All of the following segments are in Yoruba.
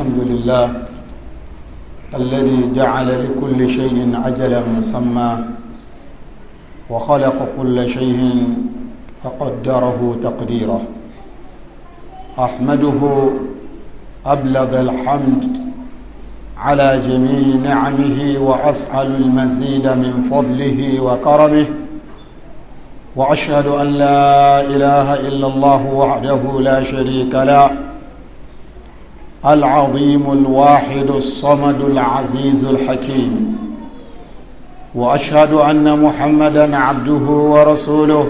الحمد لله الذي جعل لكل شيء عجلا مسمى وخلق كل شيء فقدره تقديره أحمده أبلغ الحمد على جميع نعمه وأسأل المزيد من فضله وكرمه وأشهد أن لا إله إلا الله وحده لا شريك له العظيم الواحد الصمد العزيز الحكيم واشهد ان محمدا عبده ورسوله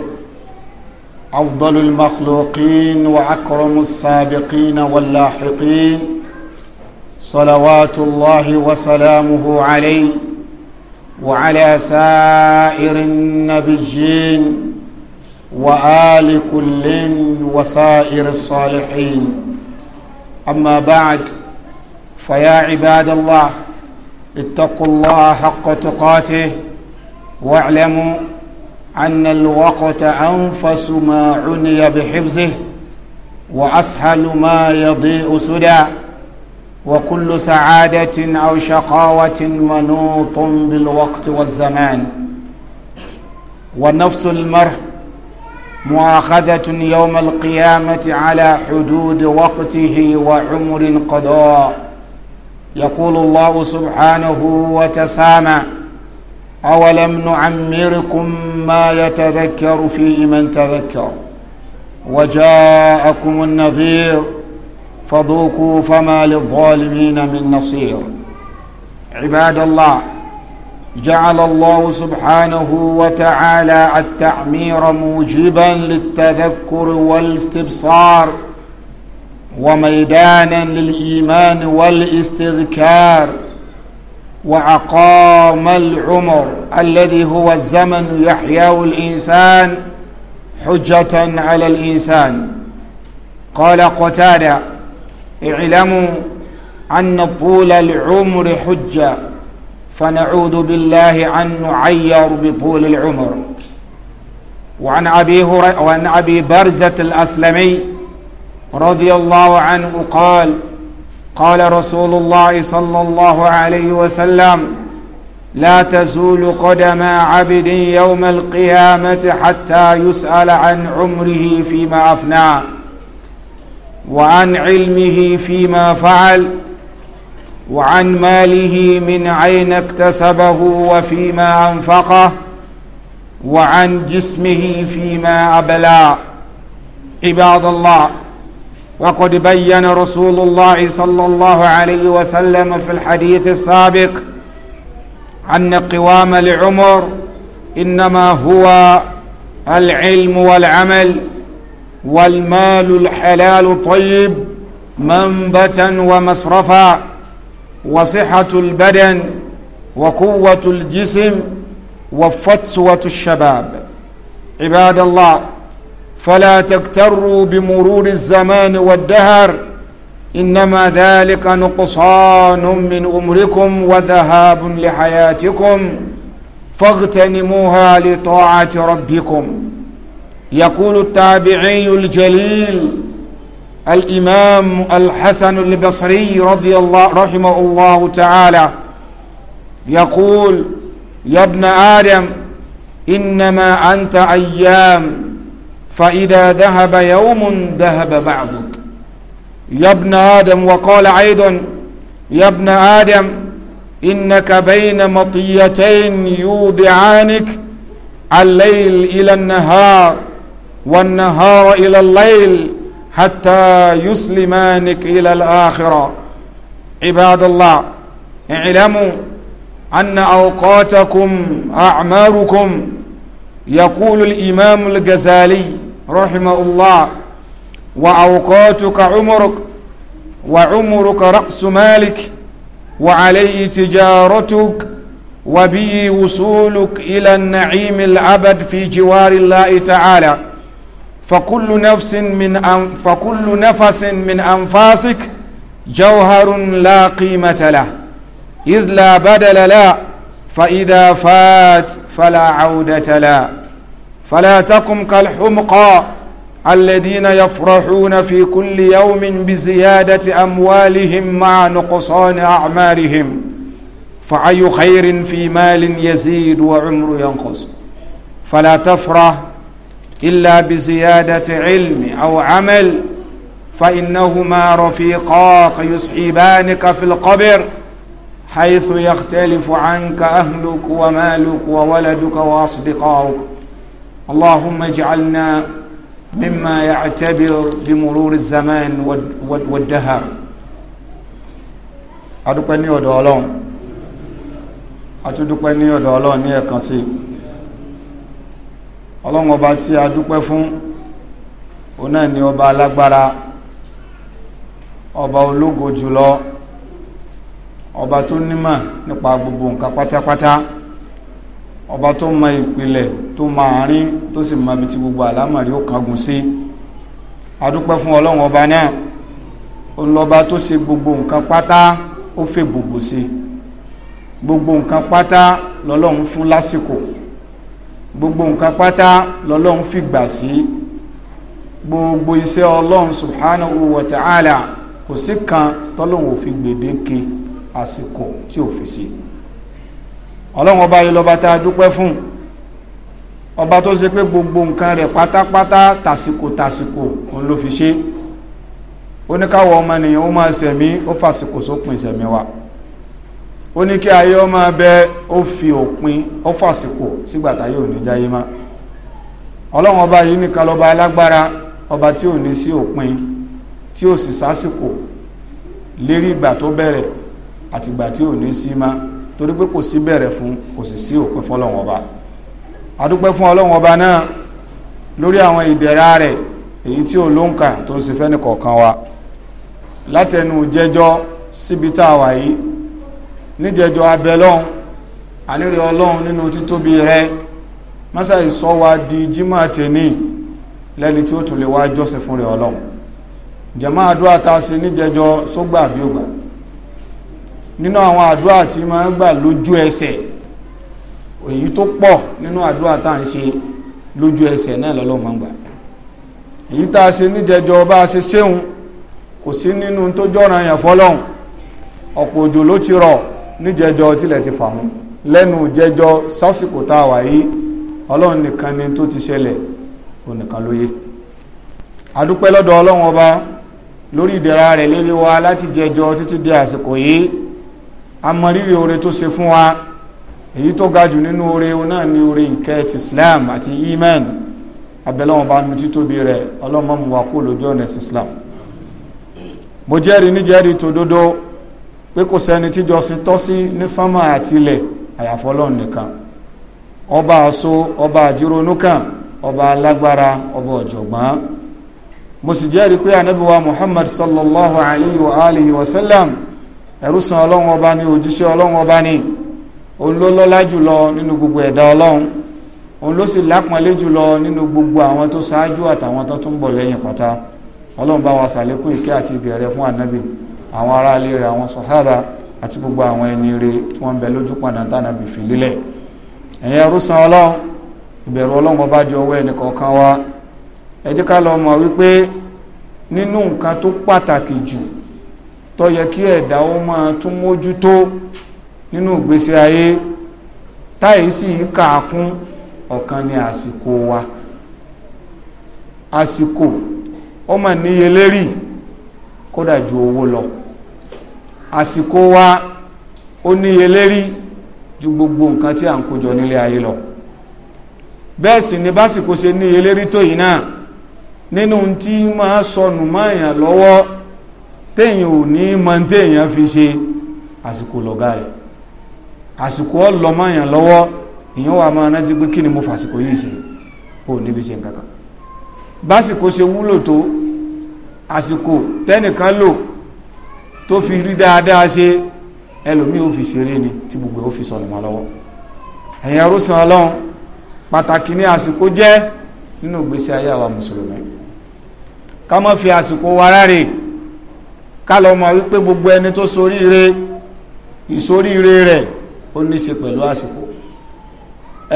افضل المخلوقين واكرم السابقين واللاحقين صلوات الله وسلامه عليه وعلى سائر النبيين وال كل وسائر الصالحين أما بعد فيا عباد الله اتقوا الله حق تقاته واعلموا أن الوقت أنفس ما عني بحفظه وأسهل ما يضيء سدى وكل سعادة أو شقاوة منوط بالوقت والزمان ونفس المرء مؤاخذة يوم القيامة على حدود وقته وعمر قضاء يقول الله سبحانه وتسامى أولم نعمركم ما يتذكر فيه من تذكر وجاءكم النذير فذوقوا فما للظالمين من نصير عباد الله جعل الله سبحانه وتعالى التعمير موجبا للتذكر والاستبصار وميدانا للإيمان والاستذكار وأقام العمر الذي هو الزمن يحياه الإنسان حجة على الإنسان قال قتادة اعلموا أن طول العمر حجة فنعوذ بالله أن نعير بطول العمر وعن أبي, هر... وعن أبي برزة الأسلمي رضي الله عنه قال قال رسول الله صلى الله عليه وسلم لا تزول قدم عبد يوم القيامة حتى يسأل عن عمره فيما أفناه وعن علمه فيما فعل وعن ماله من عين اكتسبه وفيما أنفقه وعن جسمه فيما أبلى عباد الله وقد بين رسول الله صلى الله عليه وسلم في الحديث السابق أن قوام العمر إنما هو العلم والعمل والمال الحلال طيب منبتا ومصرفا وصحة البدن وقوة الجسم وفتوة الشباب عباد الله فلا تكتروا بمرور الزمان والدهر إنما ذلك نقصان من أمركم وذهاب لحياتكم فاغتنموها لطاعة ربكم يقول التابعي الجليل الإمام الحسن البصري رضي الله رحمه الله تعالى يقول يا ابن آدم إنما أنت أيام فإذا ذهب يوم ذهب بعضك يا ابن آدم وقال أيضا يا ابن آدم إنك بين مطيتين يودعانك الليل إلى النهار والنهار إلى الليل حتى يسلمانك إلى الآخرة عباد الله اعلموا أن أوقاتكم أعماركم يقول الإمام الغزالي رحمه الله وأوقاتك عمرك وعمرك رأس مالك وعليه تجارتك وبي وصولك إلى النعيم الأبد في جوار الله تعالى فكل نفس من فكل نفس من أنفاسك جوهر لا قيمة له إذ لا بدل لا فإذا فات فلا عودة لا فلا تقم كالحمقى الذين يفرحون في كل يوم بزيادة أموالهم مع نقصان أعمالهم فأي خير في مال يزيد وعمر ينقص فلا تفرح إلا بزيادة علم أو عمل فإنهما رفيقاك يصحبانك في القبر حيث يختلف عنك أهلك ومالك وولدك وأصدقاؤك اللهم اجعلنا مما يعتبر بمرور الزمان والدهر adúpẹ́ ní ọ̀dọ̀ ọlọ́run يا ní ọlọ́run ọba tí a dúpẹ́ fún òun náà ni ọba alágbára ọba ológo jùlọ ọba tó nímọ̀ nípa gbogbo nǹkan pátápátá ọba tó mọ ìpìlẹ̀ tó mọ àárín tó sì mọ ibi tí gbogbo àlámọ̀rí ó kángun sí a dúpẹ́ fún ọlọ́run ọba náà òun lọ́ba tó ṣe gbogbo nǹkan pátá ó fẹ́ gbogbo sí gbogbo nǹkan pátá lọ́lọ́run fún lásìkò. La gbogbo nǹkan pátá lọ́lọ́run fi gbà sí gbogbo iṣẹ́ ọlọ́run subhanahu wa ta'ala kò sí kan tọ́lọ́run ò fi gbèdéke àsìkò tí ò fi sí ọlọ́run ọba yìí lọ́ba tá a dúpẹ́ fún ọba tó ṣe pé gbogbo nǹkan rẹ̀ pátápátá tàsìkò tàsìkò òun ló fi ṣe ó ní káwọ ó máa ṣẹ̀mí ó fàsìkò sópin ìṣẹ̀mí wa. So ó ní kí ayé ọmọ abẹ ó fi òpin ó fàsìkò sígbàtà yóò ní jáyé má ọlọ́run ọba yìí nìkan lọ́ba alágbára ọba tí ò ní sí òpin tí ò sì sásìkò lérí ìgbà tó bẹ̀rẹ̀ àtìgbà tí ò ní sí má torí pé kò sí bẹ̀rẹ̀ fún kò sì sí òpin fọlọ́run ọba adúpẹ́ fún ọlọ́run ọba náà lórí àwọn ìdẹ̀ra rẹ̀ èyí tí ó ló tó ń ṣe fẹ́ni kọ̀ọ̀kan wa látẹnu jẹ́jọ́ síbi tá a wà yìí níjẹjọ abẹ́lọ́hun àníri ọlọ́run nínú títóbi rẹ mọ́sá ìsọ́wà di jímọ̀ tèní lẹ́ni tí ó tún lè wá jọ́sìn fún rẹ ọlọ́run jẹ̀mọ́ àdúrà ta sí níjẹjọ sógbà bí ó gbà nínú àwọn àdúrà tí máa ń gbà lójú ẹsẹ̀ èyí tó pọ̀ nínú àdúrà tá à ń ṣe lójú ẹsẹ̀ náà lọ́lọ́ máa ń gbà èyí tá a ṣe bá a ṣe séhun kò sí nínú tó jọ́ràn yẹn fọ́lọ́hun ọ̀pọ̀ òjò ló ti rọ̀ níjẹjọ tilẹ̀ ti fàmú lẹ́nu jẹjọ sásìkò tá a wà yìí ọlọ́run nìkan ni tó ti ṣẹlẹ̀ onìkan ló yé adúpẹ́ lọ́dọ̀ ọlọ́run ọba lórí ìdẹ̀ra rẹ̀ lérí wa láti jẹjọ títí di àsìkò yìí a rírì oore tó ṣe fún wa èyí tó ga jù nínú oore náà ni oore ìkẹ́ ti Islam àti iman abẹ́lẹ́wọ̀n bá nu títóbi rẹ̀ ọlọ́run mọ́ mu kó lójú ọ̀nà Islam mo jẹ́rìí níjẹ́rìí tòdodo pé kò sẹ́ni tíjọsìn tọ́ sí ní sánmà àti ilẹ̀ àyàfi Ọlọ́run nìkan ọba àṣọ ọba àjíronúkàn ọba alágbára ọba ọ̀jọ̀gbọ́n mo sì jẹ́rìí pé anábíwá Muhammad sallallahu alayhi wa alayhi wa sallam ẹrúsàn Ọlọ́run ọba ni òjíṣẹ́ Ọlọ́run ọba ni jùlọ nínú gbogbo ẹ̀dá Ọlọ́run òun ló sì lápọnlé gbogbo àwọn tó ṣáájú àtàwọn tó tún bọ̀ lẹ́yìn pátá Ọlọ́run bá wa ìkẹ́ àti àwọn ará ilé àwọn sahara àti gbogbo àwọn ẹni rẹ̀ tí wọ́n bẹ lójú padà tánà bì fi lílẹ̀ ẹ̀yin ẹrú san ọlọ́run ọwọ́ wa lọ wípé nínú nǹkan tó pàtàkì jù tó yẹ kí ó máa tún mójútó nínú ìgbésí ayé sì ni àsìkò wa àsìkò ó mà níye lérí ju owó lọ àsìkò wa ó níye lérí ju gbogbo nǹkan tí à ń kójọ nílé ayé lọ bẹ́ẹ̀ sì ni básìkò ṣe níye lérí tó yìí náà nínú tí máa sọnù máyàn lọ́wọ́ téèyàn ò ní mọ téèyàn fi ṣe àsìkò lọ́gá rẹ̀ àsìkò ọlọ máyàn lọ́wọ́ èèyàn wà máa rántí pé kí ni mo fàsìkò yìí ṣe ò níbi ṣe nǹkan kan básìkò ṣe wúlò tó àsìkò tẹ́nìkan lò tó fi rí dáadáa ṣe ẹlòmíì ó fi ṣeré ni tí gbogbo ó fi sọnù mọ́ lọ́wọ́ ẹ̀yin arúsàn ọlọ́run pàtàkì ní àsìkò jẹ́ nínú ìgbésí ayé àwa mùsùlùmí ká má fi àsìkò wa ráre ká lọ mọ̀ wípé gbogbo ẹni tó soríire ìsoríire rẹ̀ ó ní ṣe pẹ̀lú àsìkò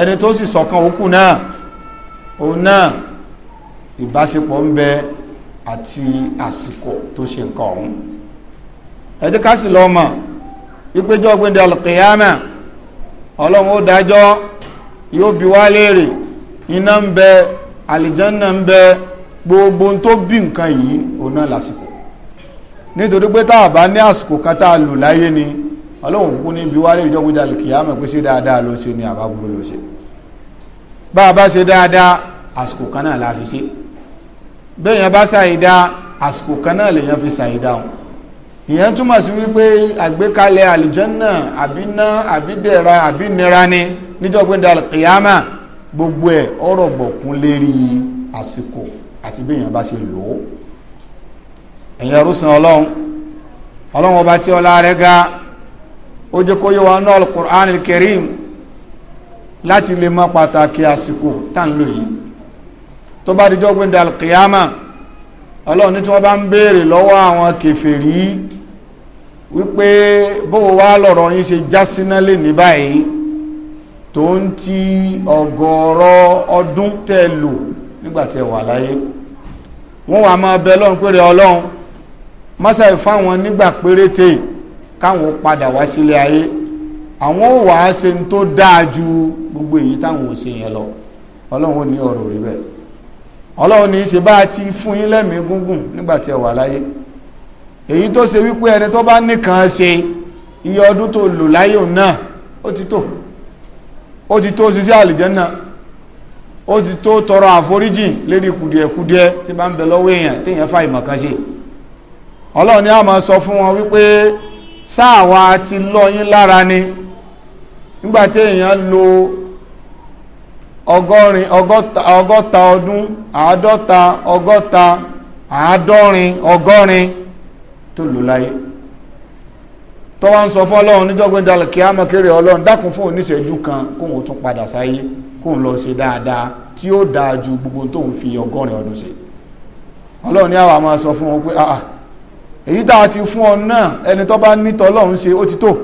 ẹni tó sì sọ̀kan òkú náà òun náà ìbáṣepọ̀ ń bẹ àti àsìkò tó ṣe nǹkan ọ̀hún ẹ̀dí ká sì lọ́mọ̀ ìpéjọ́ gbẹ̀dẹ̀ alùkìyàmẹ̀ ọlọ́run ó dájọ́ yóò bi wá léèrè iná ń bẹ àlìjánná ń bẹ gbogbo tó bí nǹkan yìí òun náà lásìkò nítorí pé tá a bá ní àsìkò kan tá a lò láyé ni ọlọ́run kú ní bi wá léèrè ìjọ́ gbẹ̀dẹ̀ alùkìyàmẹ̀ pé ṣé dáadáa ló ṣe ni àbábúrú ló ṣe bá a bá ṣe dáadáa àsìkò kan náà la fi ṣe bẹ́ẹ̀ yẹn bá ṣàìdá àsìkò kan náà lèyàn fi ṣàìdá wọn ìyẹn túmọ̀ sí wípé àgbékalẹ̀ àlìjọ́nà àbíná àbídẹ̀ra àbínira ni níjọ́ pé dàlù kìyàmà gbogbo ẹ̀ ọ̀rọ̀ gbọ̀kún lérí àsìkò àti bí èèyàn bá ṣe lò ó ẹ̀yẹ rúsan ọlọ́run ọlọ́run ọba tí ọlá rẹ̀ ga ó jẹ́ kó yé náà Al-Qur'an al-Karim láti lè mọ pàtàkì àsìkò tá ń lò yìí tó bá dijọ́ pé dàlù kìyàmà ọlọ́run ní tí wọ́n bá ń béèrè lọ́wọ́ àwọn kèfèrí wípé bóun wá lọ̀rọ̀ yín ṣe já síná lè ní báyìí tó ń ti ọ̀gọ̀ọ̀rọ̀ ọdún tẹ́ lò nígbà tẹ́ wà láyé wọ́n wà máa bẹ lọ́run péré ọlọ́run mọ́sàì fáwọn nígbà péréte káwọn padà wá sílé ayé àwọn ò wá ṣe ń tó dáa ju gbogbo èyí táwọn ò ṣe yẹn lọ ọlọ́run ò ní ọ̀rọ̀ rí bẹ́ẹ̀ ọlọ́run ní í ṣe bá a ti fún yín lẹ́mìí gúngùn nígbà wà láyé èyí tó se wípé ẹni tó bá nìkan se iye ọdún tó lò láyé òun náà ó ti tó ó ti tó ṣiṣẹ́ àlìjẹ́nà ó ti tó tọrọ àforíjì lérí kùdìẹ̀kùdìẹ tí bá ń bẹ lọ́wọ́ èèyàn téèyàn fa ìmọ̀ kan ṣe ọlọ́run ni a máa sọ fún wọn wípé sáàwá ti lọ́yìn lára ni nígbà téèyàn lo ọgọ́rin ọgọ́ta ọdún àádọ́ta ọgọ́ta àádọ́rin ọgọ́rin tó lò láyé tó wá ń sọ fún ọlọ́run níjọ́gbé dalẹ̀ kí á mọ̀kéré ọlọ́run dákun fún oníṣẹ́jú kan kóun tún padà sáyé kóun lọ ṣe dáadáa tí ó dáa ju gbogbo tóun fi ọgọ́rin ọdún ṣe ọlọ́run ní àwa máa sọ fún wọn pé ah èyí tá a ti fún ọ náà ẹni tó bá nítọ́ ọlọ́run ṣe ó ti tó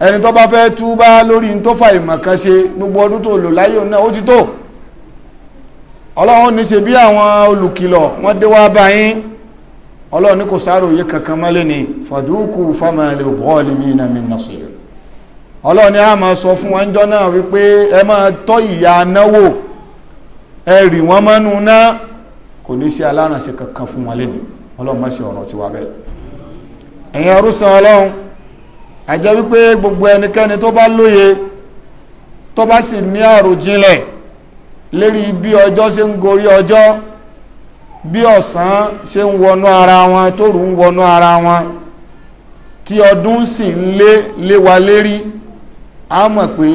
ẹni tó bá fẹ́ túbá lórí ní tó fa ìmọ̀ kan ṣe gbogbo ọdún tó lò láyé òun náà ó ti tó ọlọ́run ní ṣe bí àwọn olùkìlọ̀ wọ́n dé wá báyìí ọlọ́run ní kò sáròyé kankan mọ́lé ni fàdúkù fama lil zalimina min nasir ọlọ́run ní a máa sọ fún wọn jọ náà wípé ẹ máa tọ́ ìyà náwó ẹ rì wọ́n mọ́nu náà kò ní sí alárànṣe kankan fún wọn lẹ́nu ọlọ́run má ṣe ọ̀rọ̀ tiwa bẹ́ẹ̀ ẹ̀yin ọrùsàn ọlọ́run àjẹ́ wípé gbogbo ẹnikẹ́ni tó bá lóye tó bá sì ní àròjinlẹ̀ lérí bí ọjọ́ ṣe ń gorí ọjọ́ bí ọ̀sán ṣe ń wọnú ara wọn tóru ń wọnú ara wọn tí ọdún sì ń lé wa lérí a mọ̀ pé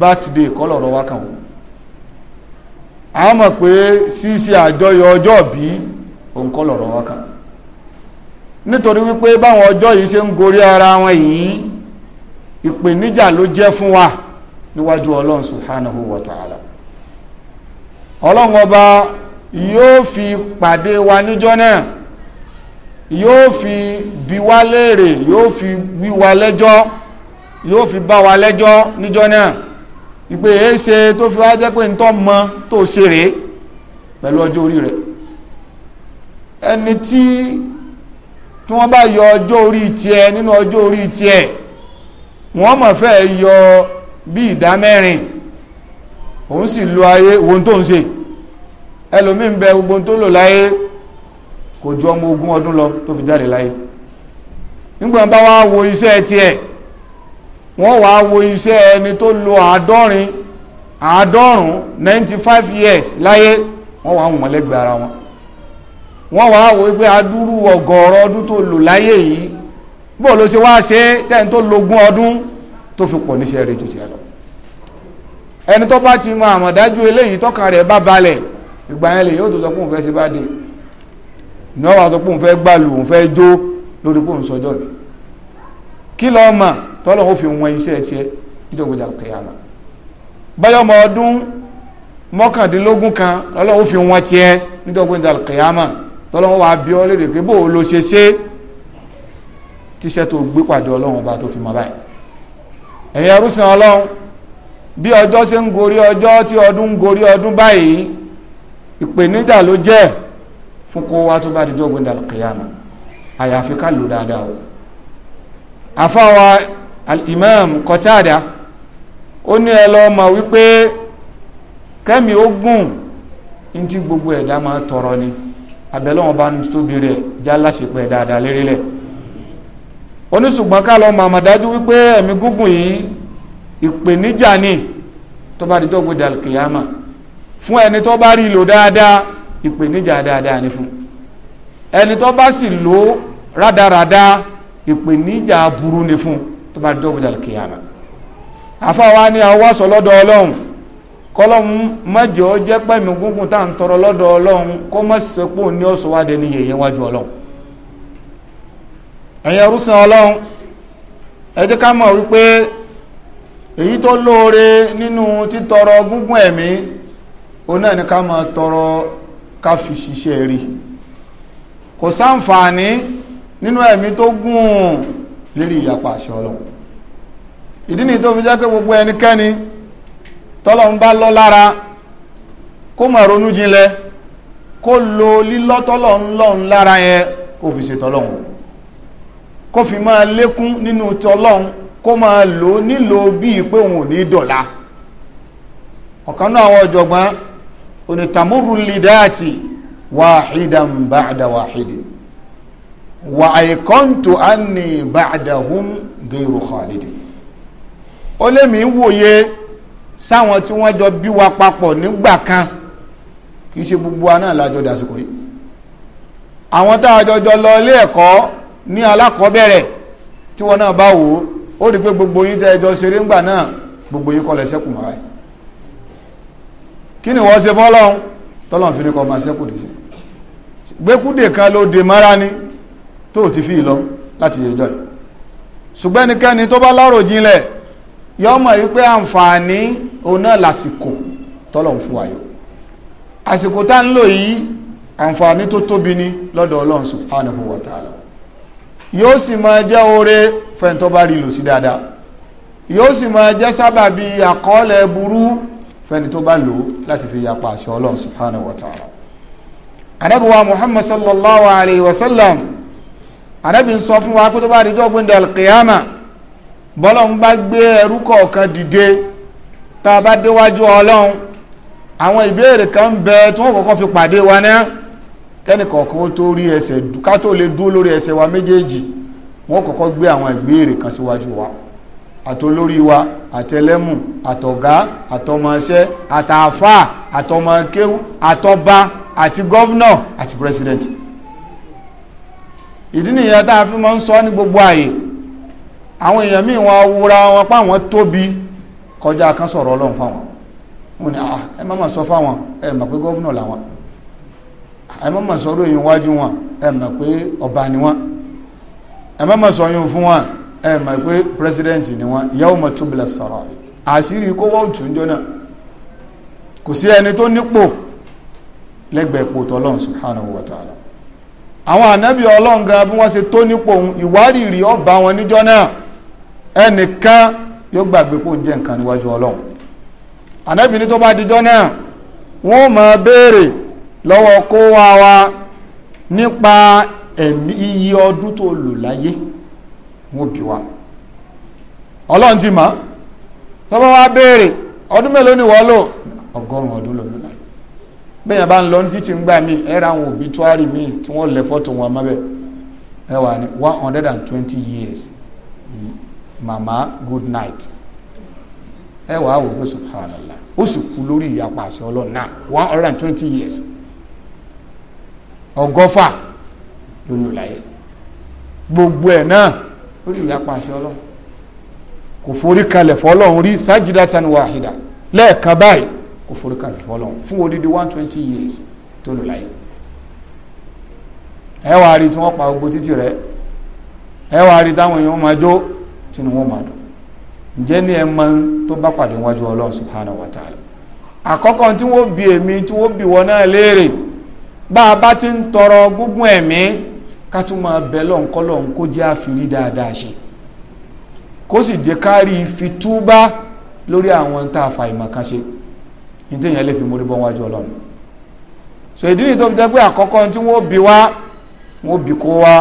birthday kọ́ lọ̀rọ̀ kàn a mọ̀ pé ṣíṣe àjọyọ̀ ọjọ́ bí òun kọ́ lọ̀rọ̀ nítorí wípé báwọn ọjọ́ yìí ṣe ń gorí ara wọn yìí ìpèníjà ló jẹ́ fún wa níwájú ọlọ́run ọba yóò fi pàdé wa níjọ́ náà yóò fi bi wá léèrè yóò fi wí wa lẹ́jọ́ yóò fi bá wa lẹ́jọ́ níjọ́ náà ìpè é ṣe tó fi wá jẹ́ pé ntọ́ mọ tó ṣe rèé pẹ̀lú ọjọ́ orí rẹ̀ ẹni tí tí wọ́n bá yọ ọjọ́ orí tiẹ̀ nínú ọjọ́ orí tiẹ̀ wọ́n mọ̀ fẹ́ yọ bí ìdá mẹ́rin òun sì lo ayé wo tó ń ṣe ẹlòmí ń bẹ gbogbo tó lò láyé kò ju ọmọ ogún ọdún lọ tó fi jáde láyé nígbà bá wá wo iṣẹ́ tiẹ̀ wọ́n wá wo iṣẹ́ ẹni tó lo àádọ́rin àádọ́rùn ninety five years láyé wọ́n wá wọ̀n lẹ́gbẹ̀ẹ́ ara wọn wọ́n wá wo pé adúrú ọ̀gọ̀ọ̀rọ̀ ọdún tó lò láyé yìí bó ló ṣe wá ṣe tẹ́ni tó lógún ọdún tó fi pọ̀ níṣẹ́ rẹ̀ ju tiẹ̀ lọ ẹni tó bá ti mọ àmọ̀dájú eléyìí tọ́kàn rẹ̀ bá balẹ̀ ìgbà yẹn lè yóò tó sọ pé òun fẹ́ ṣe bá dé ní ọwọ́ àtọ́ pé òun fẹ́ gbàlù òun fẹ́ jó lórí pé òun sọjọ́ ni kí lọ́ọ́ mà tọ́lọ́ ó fi wọn iṣẹ́ tiẹ̀ nídọ̀gbọ̀dà kẹyàmà báyọ̀ ọmọ ọdún mọ́kàndínlógún kan lọ́lọ́ ó fi wọn tiẹ̀ nídọ̀gbọ̀dà kẹyàmà tọ́lọ́ wọn wà bí ọ léde pé bó o lo ṣe ṣe tíṣẹ́ tó gbé pàdé ọlọ́run ọba tó fi mọ báyìí ẹ̀yin ẹrú ọlọ́run bí ọjọ́ ṣe ń gorí ọjọ́ tí ọdún ń gorí ọdún báyìí ìpèníjà ló jẹ́ fún kó wá tó bá di jọ́gbìn dàlùkìyàmù àyàfi ká lò dáadáa o àfáwa imam Qatada ó ní ẹ lọ́ọ́ mọ̀ wípé kẹ́mi ó gùn ní ti gbogbo ẹ̀dá máa tọrọ ni abẹ́lẹ́wọ̀n bá ń tóbi rẹ̀ já láṣepẹ́ dáadáa lérílẹ̀ oníṣùgbọ́n ká lọ màmá dájú wípé ẹ̀mí gúngùn yìí ìpèníjà ni tó bá di jọ́gbìn dàlùkìyàmù fún ẹni tó bá rí lò dáadáa ìpèníjà dáadáa ni fún ẹni tó bá sì lò rádaràda ìpèníjà burú ni fún tó bá dọ́gbọ̀ jà kìyàmà àfáwa ni àwọ́ sọ lọ́dọ̀ ọlọ́run kọlọ́run mọ́jọ jẹ́ pẹ̀mí gúngùn tá à ń tọrọ lọ́dọ̀ ọlọ́run kó mọ́ sẹ́pò ní ọ̀sọ̀wádẹ ní yẹ̀yẹ́ wájú ọlọ́run ẹ̀yẹ rúsan ọlọ́run ẹ ká mọ̀ wípé èyí tó lóore nínú títọrọ gúngùn ẹ̀mí ó náà ní ká máa tọrọ ká fi ṣiṣẹ́ rí kò sáǹfààní nínú ẹ̀mí tó gùn lérí ìyapa àṣẹ ọlọ́run ìdí ni tó fi jẹ́ pé gbogbo ẹnikẹ́ni tọ́lọ̀ ń bá lọ lára kó mọ̀ ronú jinlẹ̀ kó lo lílọ́ tọ́lọ̀ ń lọ́n lára yẹn kó fi ṣe kó fi máa lékún nínú tọ́lọ́run kó máa lò nílò bíi pé òun ò ní dọ̀la ọ̀kan náà àwọn oni tamuru lidati wahidan ba'da wahidin wa aikontu anni ba'dahum gairu khalidi ó lé mi wòye sáwọn tí wọ́n jọ bí wa papọ̀ nígbà kan kì í ṣe gbogbo wa náà lájọ dásìkò yìí àwọn tá a jọjọ lọ ilé ẹ̀kọ́ ní alákọ̀ọ́bẹ̀rẹ̀ tí wọ́n náà bá wò ó rí pé gbogbo yín tẹ́ ẹjọ́ ṣeré ńgbà náà gbogbo yín kọ́ lẹ́sẹ̀kùn wáyé kí ni wọ́n ṣe fọ́lọ́hún tọ́lọ́n fi ní kọ́ máa ṣẹ́kù dì sí gbẹ́kúdè kan ló dè mọ́ra ni tó ti fi lọ láti yẹjọ́ yìí ṣùgbọ́n ẹnikẹ́ni tó bá lárò jinlẹ̀ yọmọ yìí pé àǹfààní òun náà lásìkò tọ́lọ́hún fún wa yìí àsìkò tá ń lò yìí àǹfààní tó tóbi ní lọ́dọ̀ ọlọ́run subhanahu wa ta'ala yóò sì máa jẹ́ oore fẹ́ni bá rí lò sí dáadáa yóò sì máa jẹ́ sábàbí àkọọ́lẹ̀ burú fẹ́ni tó bá lò láti fi yapa àṣẹ ọlọ́run subhanahu wa ta'ala anabiwa muhammad sallallahu alayhi wa sallam anabi ń sọ fún wa pé tó bá dijọ́ gbẹ̀ndẹ̀ alqiyama bọ́lọ̀ ń bá gbé ẹrú kọ̀ọ̀kan dìde tá a bá déwájú ọlọ́run àwọn ìbéèrè kan ń bẹ tí wọ́n kọ́kọ́ fi pàdé wa náà kẹ́ni kọ̀ọ̀kan tó rí ẹsẹ̀ ká tó lè dúró lórí ẹsẹ̀ wa méjèèjì wọ́n kọ́kọ́ gbé àwọn ìbéèrè kan síwájú wa. Si àtolórí wa àtẹlẹ́mù àtọ̀gá àtọmọṣẹ́ àtàfà àtọmọkéwù àtọba àti gọ́vnọ̀ àti pírẹsidẹ̀ntì ìdí nìyẹn tá a fi máa ń sọ ní gbogbo àyè àwọn èèyàn míì wọn wúra wọn pa àwọn tóbi kọjá kan sọ̀rọ̀ ọlọ́run fáwọn wọn ni ah, ẹ má mà sọ fáwọn ẹ mà pé gọ́vnọ̀ làwọn ẹ má mà sọ orí èèyàn wájú wọn ẹ mà pé ọba ni wọn ẹ má mà sọ yín fún wọn ẹ mọ̀ pé president ni wọn yawma tubla sarair àṣírí kówó òtún jọ náà kò sí ẹni tó nípò lẹ́gbẹ̀ẹ́ ipò tọ́lọ́n subhanahu wa ta'ala àwọn ànábì ọlọ́run gan bí wọ́n ṣe tó nípò ìwárìrì ọba wọn níjọ́ náà ẹnìkan yóò gbàgbé pò ń jẹ́ nǹkan níwájú ọlọ́run ànábì ní tó bá dijọ́ náà wọ́n máa béèrè lọ́wọ́ kó wá wa nípa ẹ̀mí iye ọdún tó lò láyé wọn wa ọlọ́run ti mọ̀ tọ́ba wa béèrè ọdún mélòó ni wọ́n lò ọgọ́rùn-ún ọdún lọ́dún láì bẹ́yàn bá ń lọ títí ń gbà mí ẹ̀rọ àwọn obituary míì tí wọ́n lẹ̀ fọ́tò wọn mọ́bẹ̀ ẹ wà one hundred and twenty years mama good night Ẹwà wà á wò pé subhanallah ó sì kú lórí ìyapa àṣẹ ọlọ́run náà one hundred and twenty years ọgọ́fà ló lò gbogbo ẹ̀ náà lórí ìyapa àṣẹ ọlọ́run kò forí kalẹ̀ fọlọ́run rí sájídátàn wàhídà lẹ́ẹ̀kan báyìí kò forí kalẹ̀ fọlọ́run fún odidi one twenty years tó lò láyé ẹ rí tí wọ́n pa gbogbo títì rẹ̀ ẹ rí táwọn èèyàn máa jó tí wọ́n máa dùn ǹjẹ́ ní ti ń tọrọ gúngún ká tún máa bẹ lọ́n kọ́ lọ́n kó jẹ́ àfìrí dáadáa ṣe kó sì jẹ́ kárí fi túbá lórí àwọn tá a fa ìmọ̀ kan ṣe ní téèyàn lè fi mórí bọ́ wájú ọlọ́run so ìdí nìyí tó fi jẹ́ pé àkọ́kọ́ tí wọ́n bí wá wọ́n bí kó wá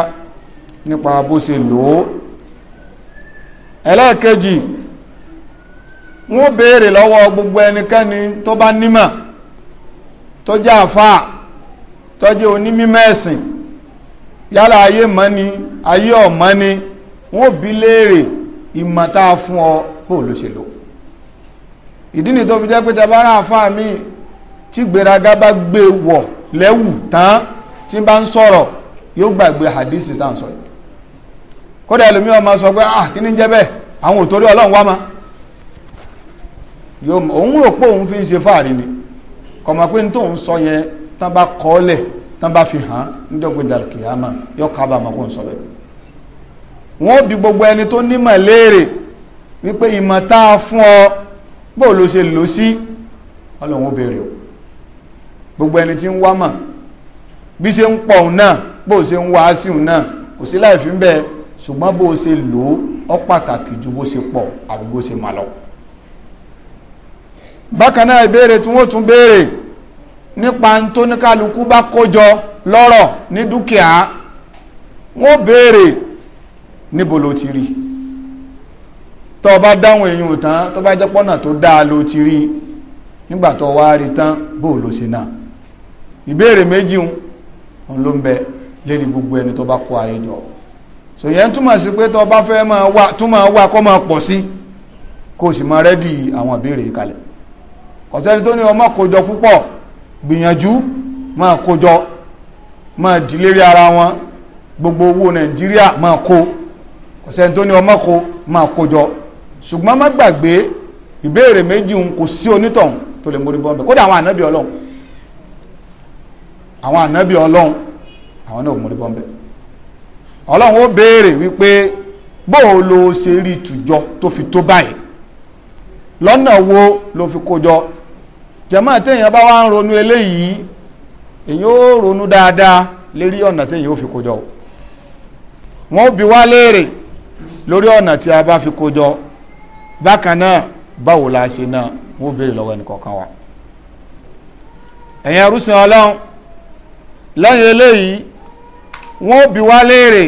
nípa bó ṣe lò ó ẹlẹ́ẹ̀kejì wọ́n béèrè lọ́wọ́ gbogbo ẹnikẹ́ni tó bá nímọ̀ tó jẹ́ àfáà tó jẹ́ onímímẹ́sìn yálà ayé mọ́ ni ayé ọ̀mọ́ ni wọ́n bí léèrè ìmọ̀ fún ọ kó ló ṣe lò ìdí ni tó fi jẹ́ pé tẹ́bá àfáà mi tí gbéraga bá gbé wọ̀ lẹ́wù tán tí bá ń sọ̀rọ̀ hadisi tá à ń sọ yìí kódà ah kí ni jẹ́ bẹ́ẹ̀ àwọn ọlọ́run wá ma òun rò pé fi ń ṣe fáàrí ni kọ̀mọ̀ pé ní tóun sọ yẹn tán tán bá fi hàn níjọ́gbé dàlkìyàmà yọ kábàámọ̀ kó n sọ bẹ́ẹ̀ wọ́n bi gbogbo ẹni tó nímọ̀ léèrè wípé ìmọ̀ tá a fún ọ bó ló ṣe lò sí ọlọ́run ó béèrè o gbogbo ẹni tí ń wá mọ̀ bí ṣe ń pọ̀ òun náà bó ṣe ń wá sí òun náà kò sí láì fi ń bẹ́ẹ̀ ṣùgbọ́n bó ṣe lò ó pàtàkì ju bó ṣe pọ̀ àbí bó ṣe mà lọ bákan náà ìbéèrè tí wọ́n tún béèrè nípa ń tó ní kálukú bá kójọ lọ́rọ̀ ní dúkìá wọ́n béèrè níbo ló ti rí tó bá dáhùn èyàn tán tó bá jẹ́ pọ́nà tó dáa ló ti rí nígbà wá rí tán bó ló ṣe náà ìbéèrè méjì òun ló ń bẹ lérí gbogbo ẹni tó bá kó ayé jọ so yẹn túmọ̀ sí pé tó bá fẹ́ máa wá túmọ̀ wá kó máa pọ̀ sí kó sì máa rẹ́dì àwọn ìbéèrè kalẹ̀ kò tó ní ọmọ kójọ púpọ̀ gbìyànjú ma kó ma máa dì lérí ara wọn gbogbo owó nàìjíríà máa kó kò sẹ́ni tó ní ọmọ kó máa kó jọ ṣùgbọ́n má gbàgbé ìbéèrè méjì ń kò sí onítọ̀hún tó lè mórí bọ́ọ̀bẹ̀ kódà àwọn ànábì ọlọ́run àwọn ànábì ọlọ́run àwọn náà mórí bọ́ọ̀bẹ̀ ọlọ́run ó béèrè wípé bóò lo ṣe rí ìtùjọ tó fi tó báyìí lọ́nà wo ló fi kójọ jàmáà téèyàn bá wá ń ronú eléyìí èyí ó ronú dáadáa lérí ọ̀nà téèyàn ó fi kójọ wọn ó wá léèrè lórí ọ̀nà tí a bá fi kójọ bákan náà báwo la ṣe náà wọn ó lọ́wọ́ ẹnìkọ̀ọ̀kan wa ẹ̀yin arúsìn ọlọ́run lẹ́yìn eléyìí wọ́n ó bi wá léèrè